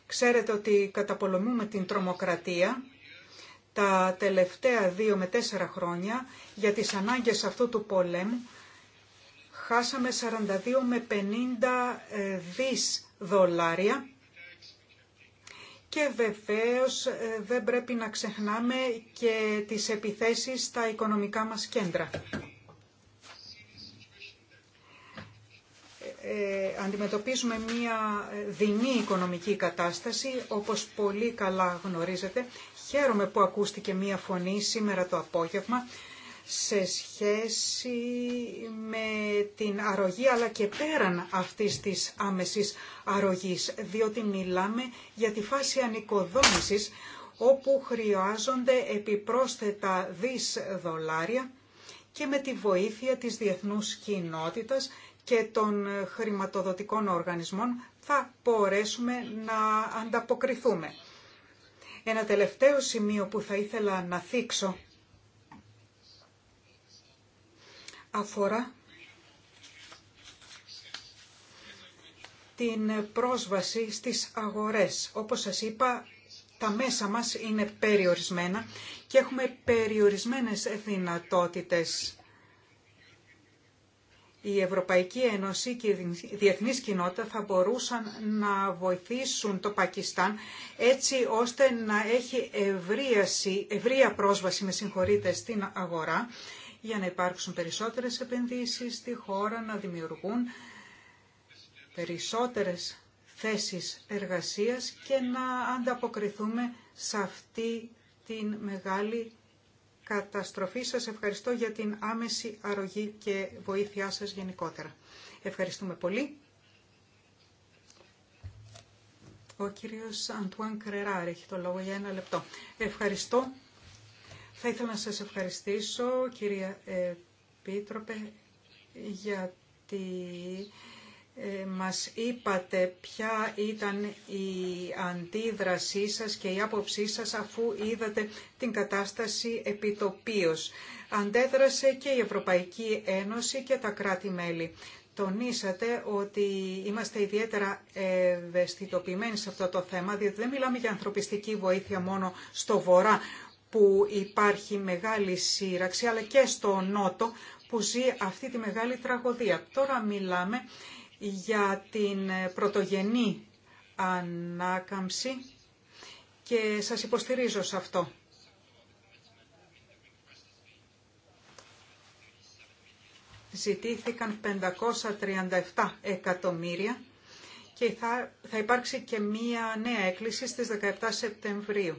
Ξέρετε ότι καταπολεμούμε την τρομοκρατία τα τελευταία δύο με τέσσερα χρόνια για τις ανάγκες αυτού του πολέμου χάσαμε 42 με 50 ε, δις δολάρια και βεβαίως ε, δεν πρέπει να ξεχνάμε και τις επιθέσεις στα οικονομικά μας κέντρα. Ε, αντιμετωπίζουμε μία ε, δεινή οικονομική κατάσταση, όπως πολύ καλά γνωρίζετε. Χαίρομαι που ακούστηκε μία φωνή σήμερα το απόγευμα σε σχέση με την αρρωγή αλλά και πέραν αυτής της άμεσης αρρωγής, διότι μιλάμε για τη φάση ανοικοδόμησης όπου χρειάζονται επιπρόσθετα δις δολάρια και με τη βοήθεια της διεθνούς κοινότητας και των ε, χρηματοδοτικών οργανισμών θα μπορέσουμε να ανταποκριθούμε. Ένα τελευταίο σημείο που θα ήθελα να θίξω αφορά την πρόσβαση στις αγορές. Όπως σας είπα, τα μέσα μας είναι περιορισμένα και έχουμε περιορισμένες δυνατότητες η Ευρωπαϊκή Ένωση και η διεθνής κοινότητα θα μπορούσαν να βοηθήσουν το Πακιστάν έτσι ώστε να έχει ευρίαση, ευρία πρόσβαση, με συγχωρείτε, στην αγορά για να υπάρξουν περισσότερες επενδύσεις στη χώρα, να δημιουργούν περισσότερες θέσεις εργασίας και να ανταποκριθούμε σε αυτή την μεγάλη καταστροφή. Σας ευχαριστώ για την άμεση αρρωγή και βοήθειά σας γενικότερα. Ευχαριστούμε πολύ. Ο κύριος Αντουάν Κρεράρ έχει το λόγο για ένα λεπτό. Ευχαριστώ. Θα ήθελα να σας ευχαριστήσω, κυρία Επίτροπε, γιατί ε, μας είπατε ποια ήταν η αντίδρασή σας και η άποψή σας αφού είδατε την κατάσταση επιτοπίως. Αντέδρασε και η Ευρωπαϊκή Ένωση και τα κράτη-μέλη. Τονίσατε ότι είμαστε ιδιαίτερα ευαισθητοποιημένοι σε αυτό το θέμα, διότι δεν μιλάμε για ανθρωπιστική βοήθεια μόνο στο βορρά που υπάρχει μεγάλη σύραξη, αλλά και στο νότο που ζει αυτή τη μεγάλη τραγωδία. Τώρα μιλάμε για την ε, πρωτογενή ανάκαμψη και σας υποστηρίζω σε αυτό. Ζητήθηκαν 537 εκατομμύρια και θα, θα υπάρξει και μία νέα έκκληση στις 17 Σεπτεμβρίου.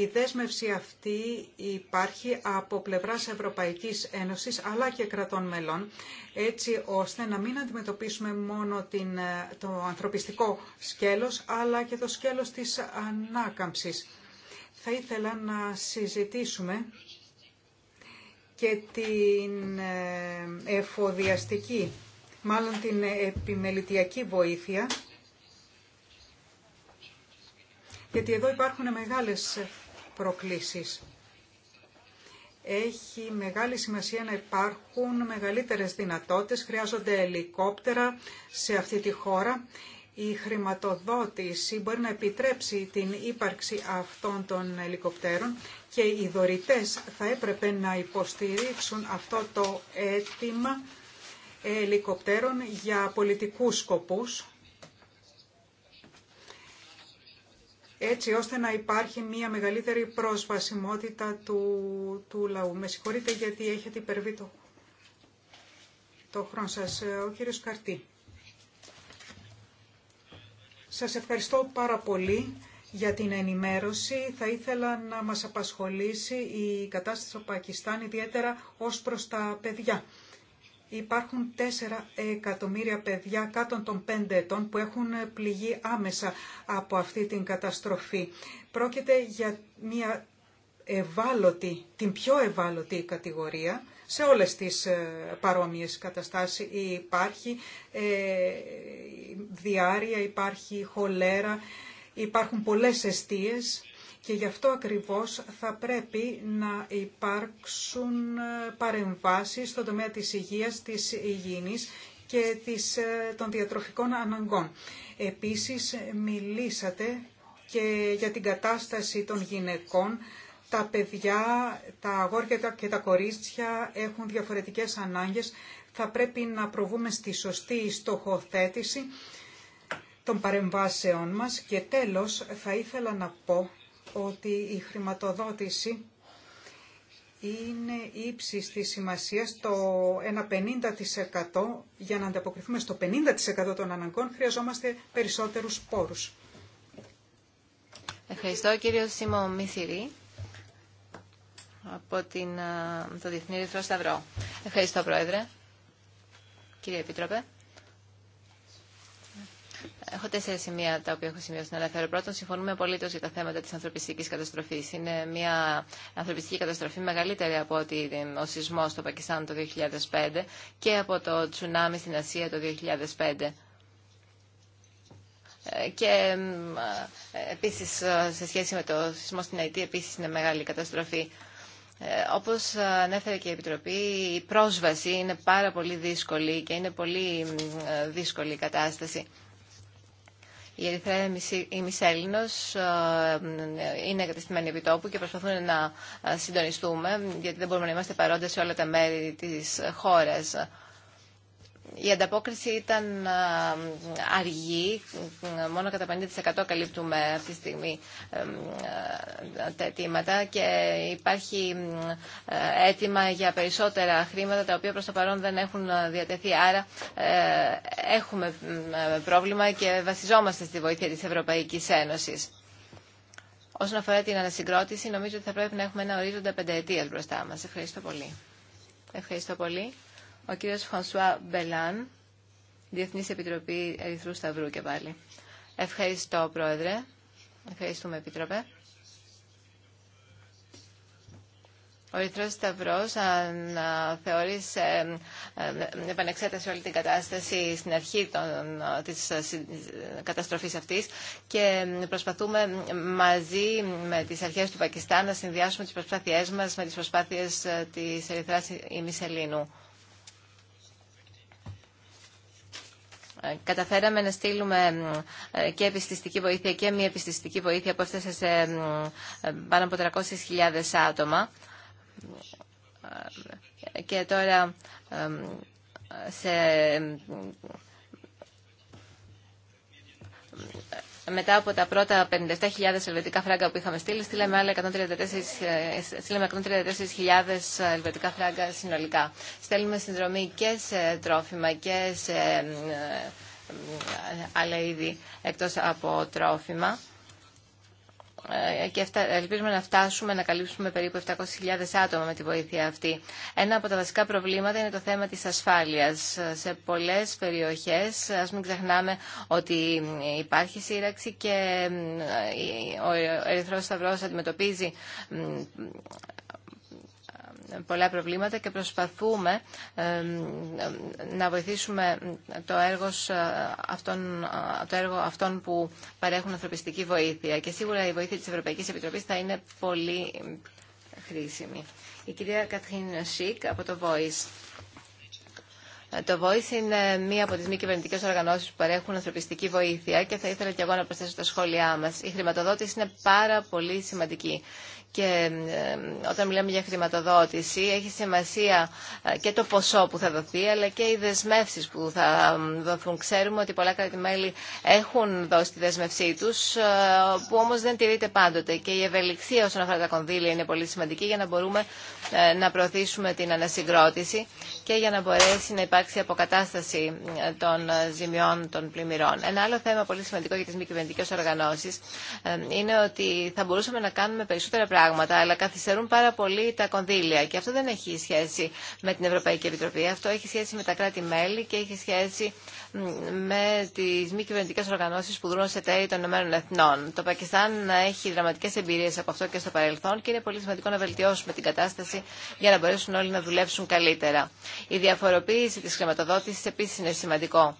Η δέσμευση αυτή υπάρχει από πλευράς Ευρωπαϊκής Ένωσης αλλά και κρατών μελών έτσι ώστε να μην αντιμετωπίσουμε μόνο την, το ανθρωπιστικό σκέλος αλλά και το σκέλος της ανάκαμψης. Θα ήθελα να συζητήσουμε και την ε, εφοδιαστική, μάλλον την επιμελητιακή βοήθεια, γιατί εδώ υπάρχουν μεγάλες προκλήσεις. Έχει μεγάλη σημασία να υπάρχουν μεγαλύτερες δυνατότητες, χρειάζονται ελικόπτερα σε αυτή τη χώρα. Η χρηματοδότηση μπορεί να επιτρέψει την ύπαρξη αυτών των ελικοπτέρων και οι δωρητές θα έπρεπε να υποστηρίξουν αυτό το αίτημα ελικοπτέρων για πολιτικούς σκοπούς έτσι ώστε να υπάρχει μια μεγαλύτερη πρόσβασιμότητα του, του λαού. Με συγχωρείτε γιατί έχετε υπερβεί το, το χρόνο σας. Ε, ο κύριος Καρτή. Σας ευχαριστώ πάρα πολύ για την ενημέρωση. Θα ήθελα να μας απασχολήσει η κατάσταση στο Πακιστάν, ιδιαίτερα ως προς τα παιδιά. Υπάρχουν 4 εκατομμύρια παιδιά κάτω των 5 ετών που έχουν πληγεί άμεσα από αυτή την καταστροφή. Πρόκειται για μια ευάλωτη, την πιο ευάλωτη κατηγορία σε όλες τις ε, παρόμοιες καταστάσεις. Υπάρχει ε, διάρρεια, υπάρχει χολέρα, υπάρχουν πολλές αιστείες και γι' αυτό ακριβώς θα πρέπει να υπάρξουν ε, παρεμβάσεις στον τομέα της υγείας, της υγιεινής και της, ε, των διατροφικών αναγκών. Επίσης μιλήσατε και για την κατάσταση των γυναικών. Τα παιδιά, τα αγόρια και τα κορίτσια έχουν διαφορετικές ανάγκες. Θα πρέπει να προβούμε στη σωστή στοχοθέτηση των παρεμβάσεών μας. Και τέλος θα ήθελα να πω ότι η χρηματοδότηση είναι ύψη τη σημασία το ένα 50% για να ανταποκριθούμε στο 50% των αναγκών χρειαζόμαστε περισσότερους πόρους. Ευχαριστώ κύριο Σίμω Μηθυρή από την, ε, το Διεθνή Ρηθρό Σταυρό. Ευχαριστώ Πρόεδρε. Κύριε Επίτροπε. Έχω τέσσερα σημεία τα οποία έχω σημειώσει να αναφέρω. Πρώτον, συμφωνούμε απολύτω για τα θέματα τη ανθρωπιστική καταστροφή. Είναι μια ανθρωπιστική καταστροφή μεγαλύτερη από ότι ο σεισμό στο Πακιστάν το 2005 και από το τσουνάμι στην Ασία το 2005 ε, και ε, επίσης ε, σε σχέση με το σεισμό στην Αιτή επίσης είναι μεγάλη καταστροφή. Όπως ανέφερε και η Επιτροπή, η πρόσβαση είναι πάρα πολύ δύσκολη και είναι πολύ δύσκολη η κατάσταση. Η Ερυθρέα η Έλληνο, ε, είναι εγκαταστημένη τόπου και προσπαθούν να ε, συντονιστούμε γιατί δεν μπορούμε να είμαστε παρόντες σε όλα τα μέρη της χώρας η ανταπόκριση ήταν αργή, μόνο κατά 50% καλύπτουμε αυτή τη στιγμή τα αιτήματα και υπάρχει ε, αίτημα για περισσότερα χρήματα τα οποία προς το παρόν δεν έχουν διατεθεί. Άρα ε, έχουμε ε, πρόβλημα και βασιζόμαστε στη βοήθεια της Ευρωπαϊκής Ένωσης. Όσον αφορά την ανασυγκρότηση, νομίζω ότι θα πρέπει να έχουμε ένα ορίζοντα πενταετίας μπροστά μας. Ευχαριστώ πολύ. Ευχαριστώ πολύ. Ο κύριος Φωνσουά Μπελάν, Διεθνής Επιτροπή Ερυθρού Σταυρού και πάλι. Ευχαριστώ, Πρόεδρε. Ευχαριστούμε, Επίτροπε. Ο Ερυθρός Σταυρός αναθεώρησε, ε, ε, επανεξέταση όλη την κατάσταση στην αρχή τη της καταστροφής αυτής και προσπαθούμε μαζί με τις αρχές του Πακιστάν να συνδυάσουμε τις προσπάθειε μα με τις προσπάθειε ε, της Ερυθράς ημισελήνου. Ε, καταφέραμε να στείλουμε ε, και επιστηστική βοήθεια και μη επιστηστική βοήθεια που έφτασε σε ε, πάνω από 300.000 άτομα. Και τώρα σε μετά από τα πρώτα 57.000 ελβετικά φράγκα που είχαμε στείλει, στείλαμε άλλα 134.000 ελβετικά φράγκα συνολικά. Στέλνουμε συνδρομή και σε τρόφιμα και σε άλλα είδη εκτός από τρόφιμα. Ε, και ελπίζουμε να φτάσουμε να καλύψουμε περίπου 700.000 άτομα με τη βοήθεια αυτή. Ένα από τα βασικά προβλήματα είναι το θέμα της ασφάλειας. Σε πολλές περιοχές, ας μην ξεχνάμε ότι υπάρχει σύραξη και ε, ο Ερυθρός Σταυρός αντιμετωπίζει πολλά προβλήματα και προσπαθούμε να βοηθήσουμε το έργο, ε, αυτών, ε, το έργο αυτών που παρέχουν ανθρωπιστική βοήθεια. Και σίγουρα η βοήθεια της Ευρωπαϊκής Επιτροπής θα είναι πολύ χρήσιμη. Η κυρία Καθήν Σίκ από το Voice. Το Voice είναι μία από τι μη κυβερνητικέ οργανώσει που παρέχουν ανθρωπιστική βοήθεια και θα ήθελα και εγώ να προσθέσω τα σχόλιά μα. Η χρηματοδότηση είναι πάρα πολύ σημαντική. Και ε, όταν μιλάμε για χρηματοδότηση, έχει σημασία ε, και το ποσό που θα δοθεί, αλλά και οι δεσμεύσει που θα δοθούν. Ξέρουμε ότι πολλά κράτη-μέλη έχουν δώσει τη δέσμευσή του, ε, που όμω δεν τηρείται πάντοτε. Και η ευελιξία όσον αφορά τα κονδύλια είναι πολύ σημαντική για να μπορούμε να προωθήσουμε την ανασυγκρότηση και για να μπορέσει να υπάρχει υπάρξει αποκατάσταση ε, των ε, ζημιών των πλημμυρών. Ένα άλλο θέμα πολύ σημαντικό για τι μη κυβερνητικέ οργανώσει ε, είναι ότι θα μπορούσαμε να κάνουμε περισσότερα πράγματα, αλλά καθυστερούν πάρα πολύ τα κονδύλια. Και αυτό δεν έχει σχέση με την Ευρωπαϊκή Επιτροπή. Αυτό έχει σχέση με τα κράτη-μέλη και έχει σχέση με τι μη κυβερνητικέ οργανώσεις που δρούν σε τέλη των ΗΕ. Το Πακιστάν έχει δραματικές εμπειρίες από αυτό και στο παρελθόν και είναι πολύ σημαντικό να βελτιώσουμε την κατάσταση για να μπορέσουν όλοι να δουλέψουν καλύτερα. Η διαφοροποίηση της χρηματοδότησης επίσης είναι σημαντικό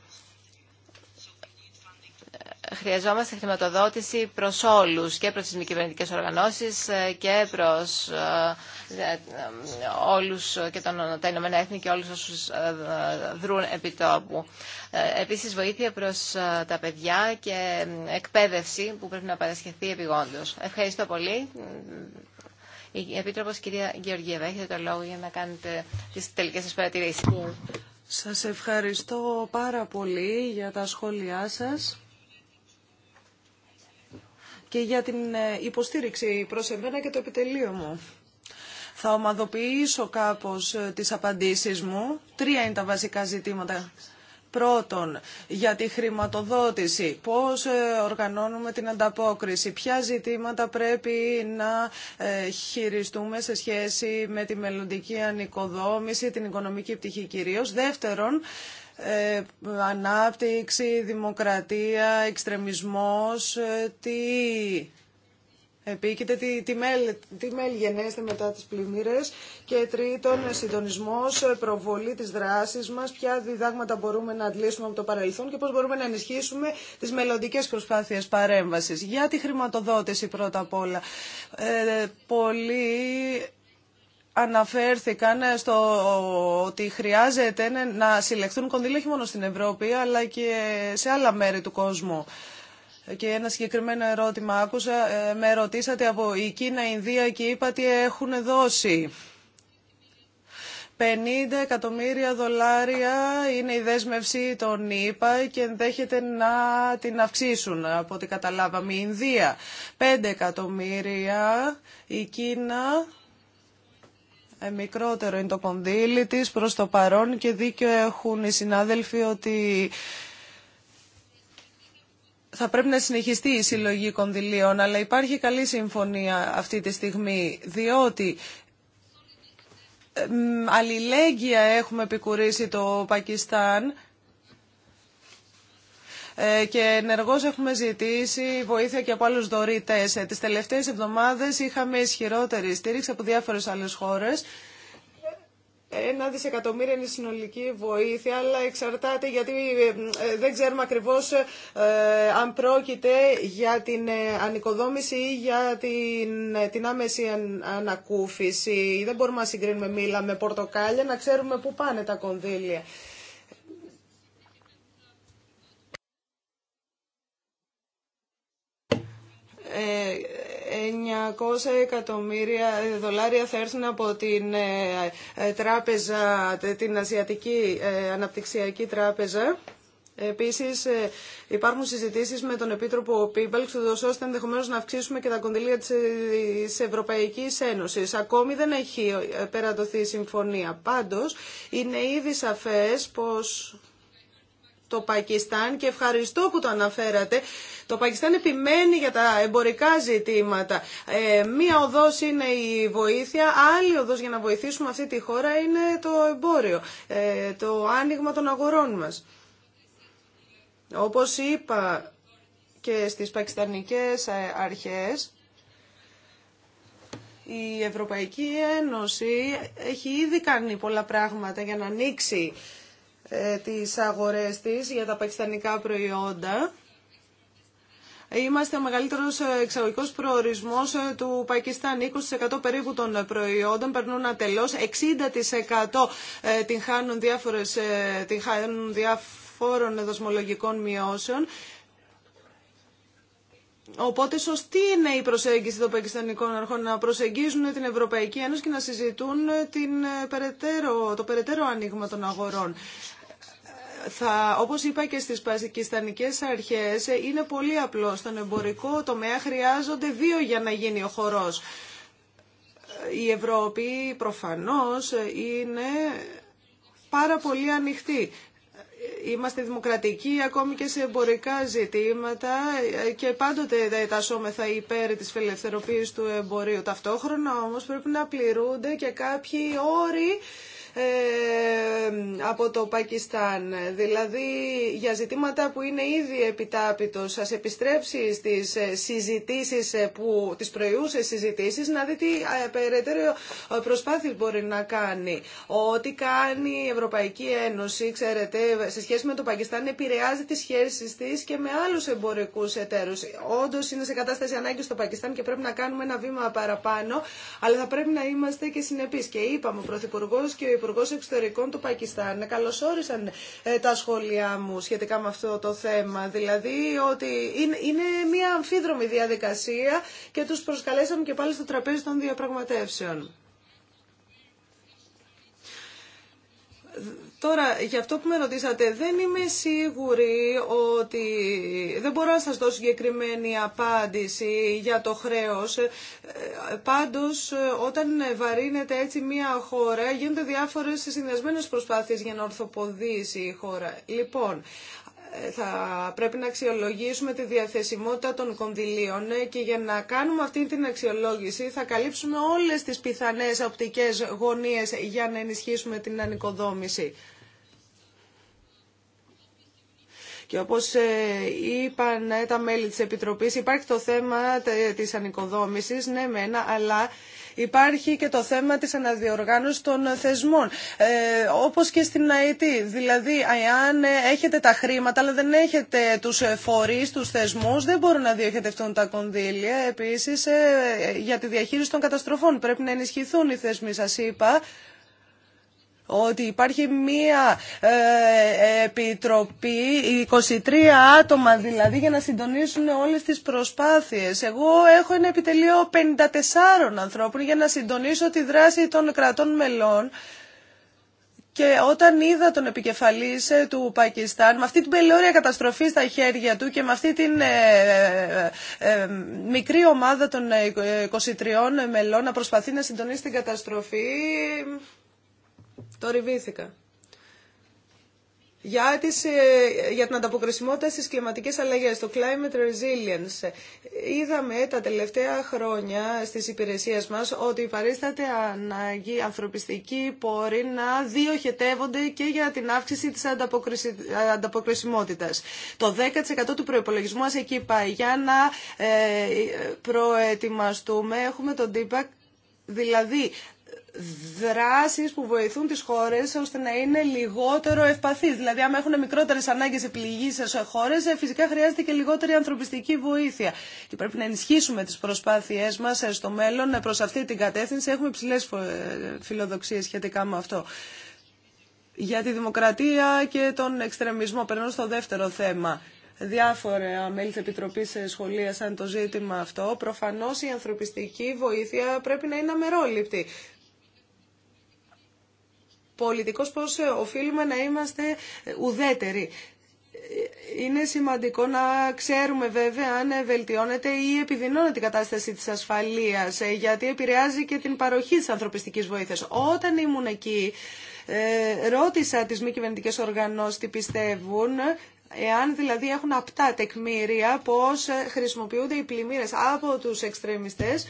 χρειαζόμαστε χρηματοδότηση προς όλους και προς τις μη κυβερνητικέ οργανώσεις και προς ε, ε, όλους και τα Ηνωμένα Έθνη και όλους όσους ε, δρούν επί τόπου. Ε, επίσης βοήθεια προς τα παιδιά και εκπαίδευση που πρέπει να παρασχεθεί επιγόντως. Ευχαριστώ πολύ. Η Επίτροπος κυρία Γεωργίευα, έχετε το λόγο για να κάνετε τις τελικές σας παρατηρήσεις. Σας ευχαριστώ πάρα πολύ για τα σχόλιά σας και για την υποστήριξη προς εμένα και το επιτελείο μου. Θα ομαδοποιήσω κάπως ε, τις απαντήσεις μου. Τρία είναι τα βασικά ζητήματα. Πρώτον, για τη χρηματοδότηση, πώς ε, οργανώνουμε την ανταπόκριση, ποια ζητήματα πρέπει να ε, χειριστούμε σε σχέση με τη μελλοντική ανοικοδόμηση, την οικονομική πτυχή κυρίως. Δεύτερον, ανάπτυξη, δημοκρατία, εξτρεμισμός, τι επίκειται, τι, τι, μέλ, τι μέλ γενέστε μετά τις πλημμύρες και τρίτον συντονισμός, προβολή της δράσης μας, ποια διδάγματα μπορούμε να αντλήσουμε από το παρελθόν και πώς μπορούμε να ενισχύσουμε τις μελλοντικές προσπάθειες παρέμβασης. Για τη χρηματοδότηση πρώτα απ' όλα. Ε, πολύ αναφέρθηκαν στο ότι χρειάζεται να συλλεχθούν κονδύλια όχι μόνο στην Ευρώπη αλλά και σε άλλα μέρη του κόσμου και ένα συγκεκριμένο ερώτημα άκουσα. Ε, με ρωτήσατε από η Κίνα, η Ινδία και είπα τι έχουν δώσει. 50 εκατομμύρια δολάρια είναι η δέσμευση των ΗΠΑ και ενδέχεται να την αυξήσουν από ό,τι καταλάβαμε. Η Ινδία 5 εκατομμύρια, η Κίνα ε, μικρότερο είναι το κονδύλι της προς το παρόν και δίκιο έχουν οι συνάδελφοι ότι θα πρέπει να συνεχιστεί η συλλογή κονδυλίων, αλλά υπάρχει καλή συμφωνία αυτή τη στιγμή, διότι αλληλέγγυα έχουμε επικουρήσει το Πακιστάν ε, και ενεργώς έχουμε ζητήσει βοήθεια και από άλλους δωρητές. Ε, τις τελευταίες εβδομάδες είχαμε ισχυρότερη στήριξη από διάφορες άλλες χώρες. Ένα δισεκατομμύριο είναι συνολική βοήθεια, αλλά εξαρτάται γιατί ε, ε, δεν ξέρουμε ακριβώς ε, αν πρόκειται για την ανοικοδόμηση ή για την, την άμεση ανακούφιση. Δεν μπορούμε να συγκρίνουμε μήλα με πορτοκάλια, να ξέρουμε πού πάνε τα κονδύλια. 900 εκατομμύρια δολάρια θα έρθουν από την ε, ε, τράπεζα, την Ασιατική ε, Αναπτυξιακή Τράπεζα. Επίσης υπάρχουν συζητήσεις με τον Επίτροπο Πίμπαλξ, ώστε ενδεχομένω να αυξήσουμε και τα κονδυλία της Ευρωπαϊκής Ένωσης. Ακόμη δεν έχει περατωθεί η συμφωνία. Πάντως είναι ήδη σαφές πως το Πακιστάν και ευχαριστώ που το αναφέρατε. Το Πακιστάν επιμένει για τα εμπορικά ζητήματα. Ε, μία οδός είναι η βοήθεια, άλλη οδός για να βοηθήσουμε αυτή τη χώρα είναι το εμπόριο, ε, το άνοιγμα των αγορών μας. Όπως είπα και στις πακιστανικές ε, αρχές, η Ευρωπαϊκή Ένωση έχει ήδη κάνει πολλά πράγματα για να ανοίξει ε, τις αγορές της για τα πακιστανικά προϊόντα. Είμαστε ο μεγαλύτερος εξαγωγικός προορισμός ε, του Πακιστάν. 20% περίπου των προϊόντων περνούν ατελώς. 60% ε, την χάνουν, διάφορες, την χάνουν διάφορων δοσμολογικών μειώσεων. Οπότε σωστή είναι η προσέγγιση των Πακιστανικών αρχών να προσεγγίζουν την Ευρωπαϊκή Ένωση και να συζητούν την, το περαιτέρω ανοίγμα των αγορών θα, όπως είπα και στις πασικιστανικές αρχές, είναι πολύ απλό. Στον εμπορικό τομέα χρειάζονται δύο για να γίνει ο χορός. Η Ευρώπη προφανώς είναι πάρα πολύ ανοιχτή. Είμαστε δημοκρατικοί ακόμη και σε εμπορικά ζητήματα και πάντοτε τα θα υπέρ της φελευθεροποίησης του εμπορίου. Ταυτόχρονα όμως πρέπει να πληρούνται και κάποιοι όροι ε, από το Πακιστάν. Δηλαδή για ζητήματα που είναι ήδη επιτάπητο. Σας επιστρέψει στις ε, συζητήσεις ε, που, τις προϊούσες συζητήσεις να δει τι περαιτέρω προσπάθειες μπορεί να κάνει. Ό,τι κάνει η Ευρωπαϊκή Ένωση, ξέρετε, σε σχέση με το Πακιστάν επηρεάζει τις σχέσεις της και με άλλους εμπορικούς εταίρους. Όντως είναι σε κατάσταση ανάγκη στο Πακιστάν και πρέπει να κάνουμε ένα βήμα παραπάνω, αλλά θα πρέπει να είμαστε και συνεπείς. Και είπαμε, ο και ο Υπουργό Εξωτερικών του Πακιστάν καλωσόρισαν ε, τα σχόλιά μου σχετικά με αυτό το θέμα. Δηλαδή ότι είναι μια αμφίδρομη διαδικασία και τους προσκαλέσαμε και πάλι στο τραπέζι των διαπραγματεύσεων. Τώρα, για αυτό που με ρωτήσατε, δεν είμαι σίγουρη ότι δεν μπορώ να σας δώσω συγκεκριμένη απάντηση για το χρέος. Ε, πάντως, όταν βαρύνεται έτσι μία χώρα, γίνονται διάφορες συνδυασμένες προσπάθειες για να ορθοποδήσει η χώρα. Λοιπόν, θα πρέπει να αξιολογήσουμε τη διαθεσιμότητα των κονδυλίων και για να κάνουμε αυτή την αξιολόγηση θα καλύψουμε όλες τις πιθανές οπτικές γωνίες για να ενισχύσουμε την ανοικοδόμηση. Και όπως ε, είπαν ε, τα μέλη της Επιτροπής, υπάρχει το θέμα ε, της ανοικοδόμησης, ναι μένα, αλλά Υπάρχει και το θέμα της αναδιοργάνωσης των θεσμών, ε, όπως και στην ΑΕΤ. Δηλαδή, αν έχετε τα χρήματα, αλλά δεν έχετε τους φορείς, τους θεσμούς, δεν μπορούν να διοχετευτούν τα κονδύλια. Επίσης, ε, για τη διαχείριση των καταστροφών πρέπει να ενισχυθούν οι θεσμοί, σας είπα ότι υπάρχει μία ε, επιτροπή, 23 άτομα δηλαδή, για να συντονίσουν όλες τις προσπάθειες. Εγώ έχω ένα επιτελείο 54 ανθρώπων για να συντονίσω τη δράση των κρατών μελών. Και όταν είδα τον επικεφαλής ε, του Πακιστάν με αυτή την πελώρια καταστροφή στα χέρια του και με αυτή την ε, μικρή ομάδα των 23 μελών να προσπαθεί να συντονίσει την καταστροφή, Τορυβήθηκα. Για, τις, ε, για την ανταποκρισιμότητα στις κλιματικές αλλαγές, το climate resilience. Ε, είδαμε τα τελευταία χρόνια στις υπηρεσίες μας ότι υπαρίσταται ανάγκη ανθρωπιστική πόροι να διοχετεύονται και για την αύξηση της ε, ανταποκρισιμότητας. Το 10% του προϋπολογισμού μας εκεί πάει. Για να προετοιμαστούμε έχουμε τον Τύπακ, Δηλαδή δράσεις που βοηθούν τις χώρες ώστε να είναι λιγότερο ευπαθείς. Δηλαδή, άμα έχουν μικρότερες ανάγκες επιλυγής σε χώρες, ε, φυσικά χρειάζεται και λιγότερη ανθρωπιστική βοήθεια. Και πρέπει να ενισχύσουμε τις προσπάθειές μας ε, στο μέλλον ε, προς αυτή την κατεύθυνση. Έχουμε υψηλές φιλοδοξίες σχετικά με αυτό. Για τη δημοκρατία και τον εξτρεμισμό, περνώ στο δεύτερο θέμα διάφορα μέλη της Επιτροπής σχολίασαν το ζήτημα αυτό. Προφανώ η ανθρωπιστική βοήθεια πρέπει να είναι αμερόληπτη πολιτικός πώς ε, οφείλουμε να είμαστε ουδέτεροι. Είναι σημαντικό να ξέρουμε βέβαια αν βελτιώνεται ή επιδεινώνεται η κατάσταση της ασφαλείας, ε, γιατί επηρεάζει και την παροχή της ανθρωπιστικής βοήθειας. Όταν ήμουν εκεί, ε, ρώτησα τις μη κυβερνητικές οργανώσεις τι πιστεύουν, Εάν δηλαδή έχουν απτά τεκμήρια πώς χρησιμοποιούνται οι πλημμύρες από τους εξτρεμιστές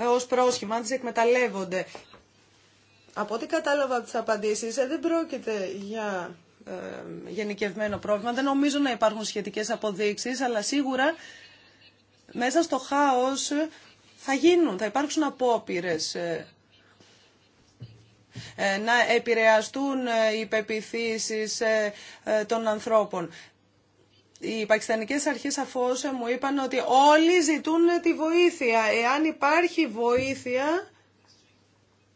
Ε, ως πρόσχημα, αν τις εκμεταλλεύονται. Από ό,τι κατάλαβα από τις απαντήσεις, ε, δεν πρόκειται για ε, γενικευμένο πρόβλημα. Δεν νομίζω να υπάρχουν σχετικές αποδείξεις, αλλά σίγουρα μέσα στο χάος θα γίνουν, θα υπάρξουν απόπειρες να επηρεαστούν οι πεπιθήσεις των ανθρώπων οι πακιστανικές αρχές αφώς μου είπαν ότι όλοι ζητούν τη βοήθεια. Εάν υπάρχει βοήθεια,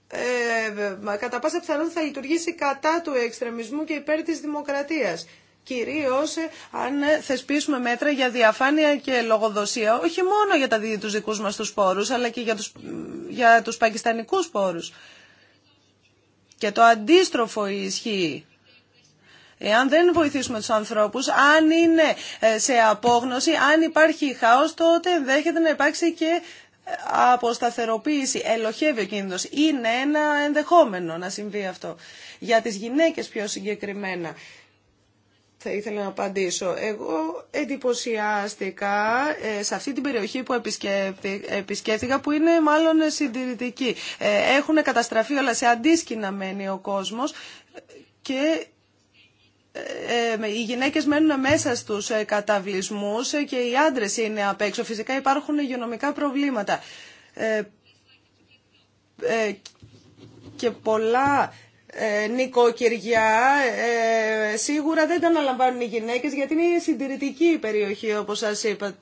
ε, κατά πάσα πιθανότητα θα λειτουργήσει κατά του εξτρεμισμού και υπέρ της δημοκρατίας. Κυρίως ε, αν θεσπίσουμε μέτρα για διαφάνεια και λογοδοσία, όχι μόνο για τα, τους δικούς μας τους πόρους, αλλά και για τους, για τους πακιστανικούς πόρους. Και το αντίστροφο ισχύει. Εάν δεν βοηθήσουμε τους ανθρώπους, αν είναι ε, σε απόγνωση, αν υπάρχει χάος, τότε ενδέχεται να υπάρξει και ε, αποσταθεροποίηση, ελοχεύει ο κίνδυνος. Είναι ένα ενδεχόμενο να συμβεί αυτό. Για τις γυναίκες πιο συγκεκριμένα θα ήθελα να απαντήσω. Εγώ εντυπωσιάστηκα ε, σε αυτή την περιοχή που επισκέφθηκα, που είναι μάλλον συντηρητική. έχουν καταστραφεί όλα σε αντίσκηνα μένει ο κόσμος και ε, ε, οι γυναίκες μένουν μέσα στους ε, καταβλισμούς και οι άντρες είναι απ' έξω. Φυσικά υπάρχουν υγειονομικά προβλήματα. και πολλά νοικοκυριά σίγουρα δεν τα αναλαμβάνουν οι γυναίκες γιατί είναι συντηρητική περιοχή όπως σας είπα.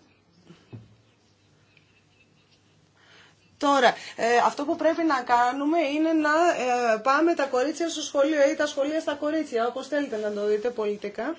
Τώρα, ε, αυτό που πρέπει να κάνουμε είναι να ε, πάμε τα κορίτσια στο σχολείο ή τα σχολεία στα κορίτσια, όπως θέλετε να το δείτε πολιτικά.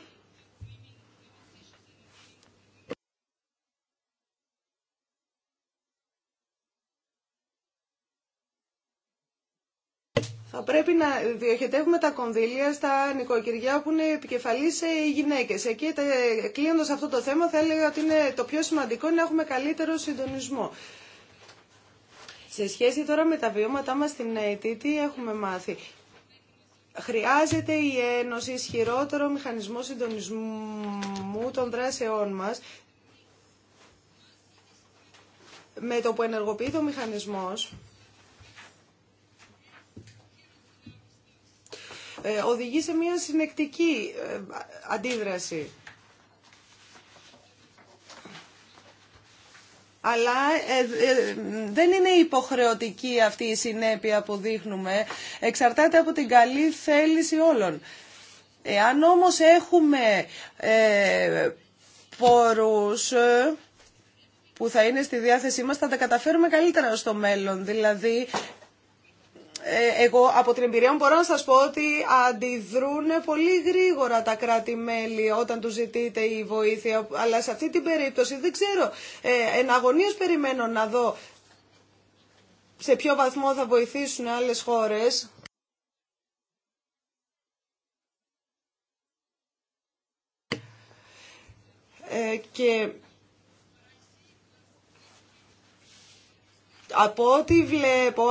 Θα πρέπει να διοχετεύουμε τα κονδύλια στα νοικοκυριά που είναι επικεφαλής οι γυναίκες. Εκεί ε, κλείνοντας αυτό το θέμα θα έλεγα ότι είναι το πιο σημαντικό είναι να έχουμε καλύτερο συντονισμό. Σε σχέση τώρα με τα βιώματά μας στην ΑΕΤ, τι έχουμε μάθει. Χρειάζεται η Ένωση ισχυρότερο μηχανισμό συντονισμού των δράσεών μας, με το που ενεργοποιεί το μηχανισμός, ε, οδηγεί σε μια συνεκτική ε, αντίδραση. Αλλά ε, ε, δεν είναι υποχρεωτική αυτή η συνέπεια που δείχνουμε. Εξαρτάται από την καλή θέληση όλων. Εάν όμως έχουμε ε, πόρους ε, που θα είναι στη διάθεσή μας θα τα καταφέρουμε καλύτερα στο μέλλον. Δηλαδή ε, εγώ από την εμπειρία μου μπορώ να σας πω ότι αντιδρούν πολύ γρήγορα τα κράτη-μέλη όταν του ζητείτε η βοήθεια, αλλά σε αυτή την περίπτωση δεν ξέρω, ε, εναγωνίως περιμένω να δω σε ποιο βαθμό θα βοηθήσουν άλλες χώρες. Ε, και Από ό,τι βλέπω,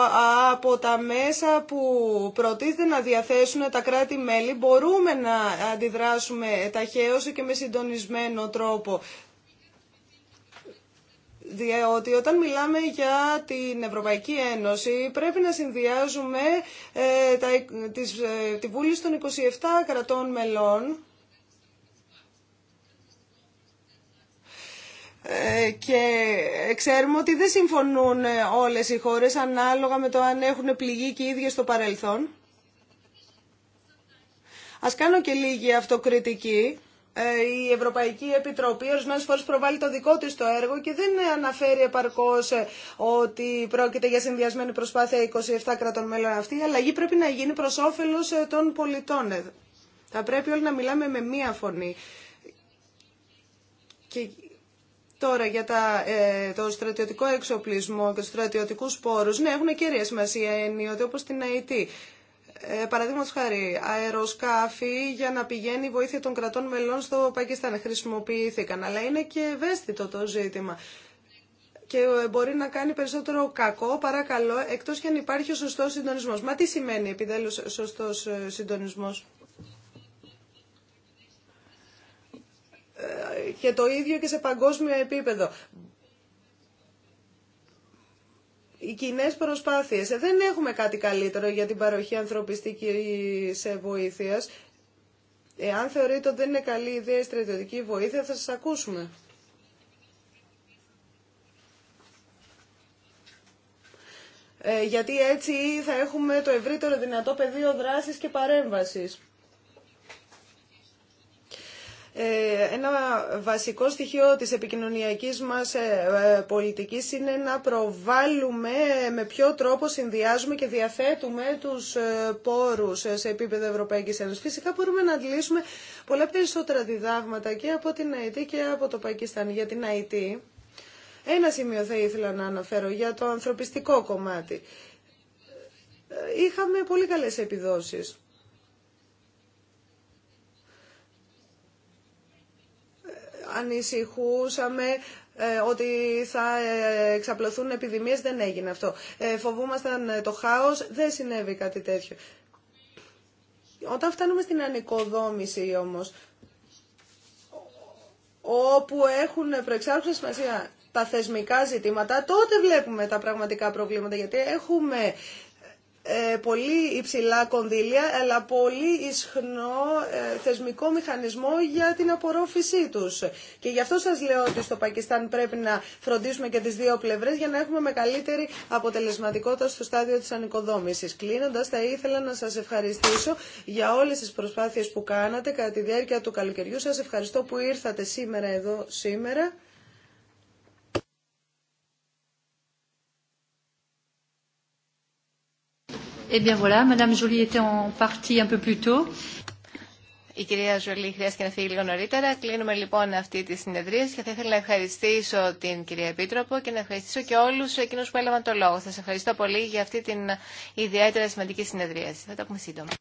από τα μέσα που προτίθεται να διαθέσουν τα κράτη-μέλη, μπορούμε να αντιδράσουμε ταχαίως και με συντονισμένο τρόπο. Διότι όταν μιλάμε για την Ευρωπαϊκή Ένωση πρέπει να συνδυάζουμε ε, τα, ε, τις, ε, τη βούληση των 27 κρατών μελών Ε, και ξέρουμε ότι δεν συμφωνούν ε, όλες οι χώρες ανάλογα με το αν έχουν πληγεί και οι ίδιες στο παρελθόν. Ας κάνω και λίγη αυτοκριτική. Ε, η Ευρωπαϊκή Επιτροπή ορισμένε φορέ προβάλλει το δικό της το έργο και δεν αναφέρει επαρκώ ότι πρόκειται για συνδυασμένη προσπάθεια 27 κρατών μέλων. Αυτή η αλλαγή πρέπει να γίνει προ όφελο των πολιτών. Θα πρέπει όλοι να μιλάμε με μία φωνή. Και Τώρα για τα, ε, το στρατιωτικό εξοπλισμό και του στρατιωτικού πόρους, ναι, έχουν κυρία σημασία ενίοτε όπως στην ΑΕΤ. Ε, Παραδείγματο χάρη, αεροσκάφη για να πηγαίνει η βοήθεια των κρατών μελών στο Πακιστάν χρησιμοποιήθηκαν, αλλά είναι και ευαίσθητο το ζήτημα και ε, μπορεί να κάνει περισσότερο κακό, παρακαλώ, εκτό και αν υπάρχει ο σωστό συντονισμό. Μα τι σημαίνει επιτέλου σωστό ε, συντονισμό. και το ίδιο και σε παγκόσμιο επίπεδο. Οι κοινέ προσπάθειες. Δεν έχουμε κάτι καλύτερο για την παροχή ανθρωπιστικής βοήθειας. Εάν θεωρείτε ότι δεν είναι καλή ιδέα η στρατιωτική βοήθεια, θα σας ακούσουμε. Ε, γιατί έτσι θα έχουμε το ευρύτερο δυνατό πεδίο δράσης και παρέμβασης. Ε, ένα βασικό στοιχείο της επικοινωνιακής μας ε, ε, πολιτικής είναι να προβάλλουμε με ποιο τρόπο συνδυάζουμε και διαθέτουμε τους πόρους σε επίπεδο Ευρωπαϊκής Ένωσης. Φυσικά μπορούμε να αντλήσουμε πολλά περισσότερα διδάγματα και από την ΑΕΤ και από το Πακιστάν για την ΑΕΤ. Ένα σημείο θα ήθελα να αναφέρω για το ανθρωπιστικό κομμάτι. Είχαμε πολύ καλές επιδόσεις. ανησυχούσαμε ε, ότι θα ε, εξαπλωθούν επιδημίες, δεν έγινε αυτό. Ε, φοβούμασταν το χάος, δεν συνέβη κάτι τέτοιο. Όταν φτάνουμε στην ανοικοδόμηση όμως, όπου έχουν προεξάρχουσα σημασία τα θεσμικά ζητήματα, τότε βλέπουμε τα πραγματικά προβλήματα, γιατί έχουμε ε, πολύ υψηλά κονδύλια, αλλά πολύ ισχνό ε, θεσμικό μηχανισμό για την απορρόφησή τους. Και γι' αυτό σας λέω ότι στο Πακιστάν πρέπει να φροντίσουμε και τις δύο πλευρές για να έχουμε μεγαλύτερη αποτελεσματικότητα στο στάδιο της ανοικοδόμησης. Κλείνοντας, θα ήθελα να σας ευχαριστήσω για όλες τις προσπάθειες που κάνατε κατά τη διάρκεια του καλοκαιριού. Σας ευχαριστώ που ήρθατε σήμερα εδώ σήμερα. Eh bien voilà, Madame Jolie était en partie un peu plus tôt. Η κυρία Ζολή χρειάστηκε να φύγει λίγο νωρίτερα. Κλείνουμε λοιπόν αυτή τη συνεδρία και θα ήθελα να ευχαριστήσω την κυρία Επίτροπο και να ευχαριστήσω και όλου εκείνου που έλαβαν το λόγο. Σα ευχαριστώ πολύ για αυτή την ιδιαίτερα σημαντική συνεδρία. Θα τα πούμε σύντομα.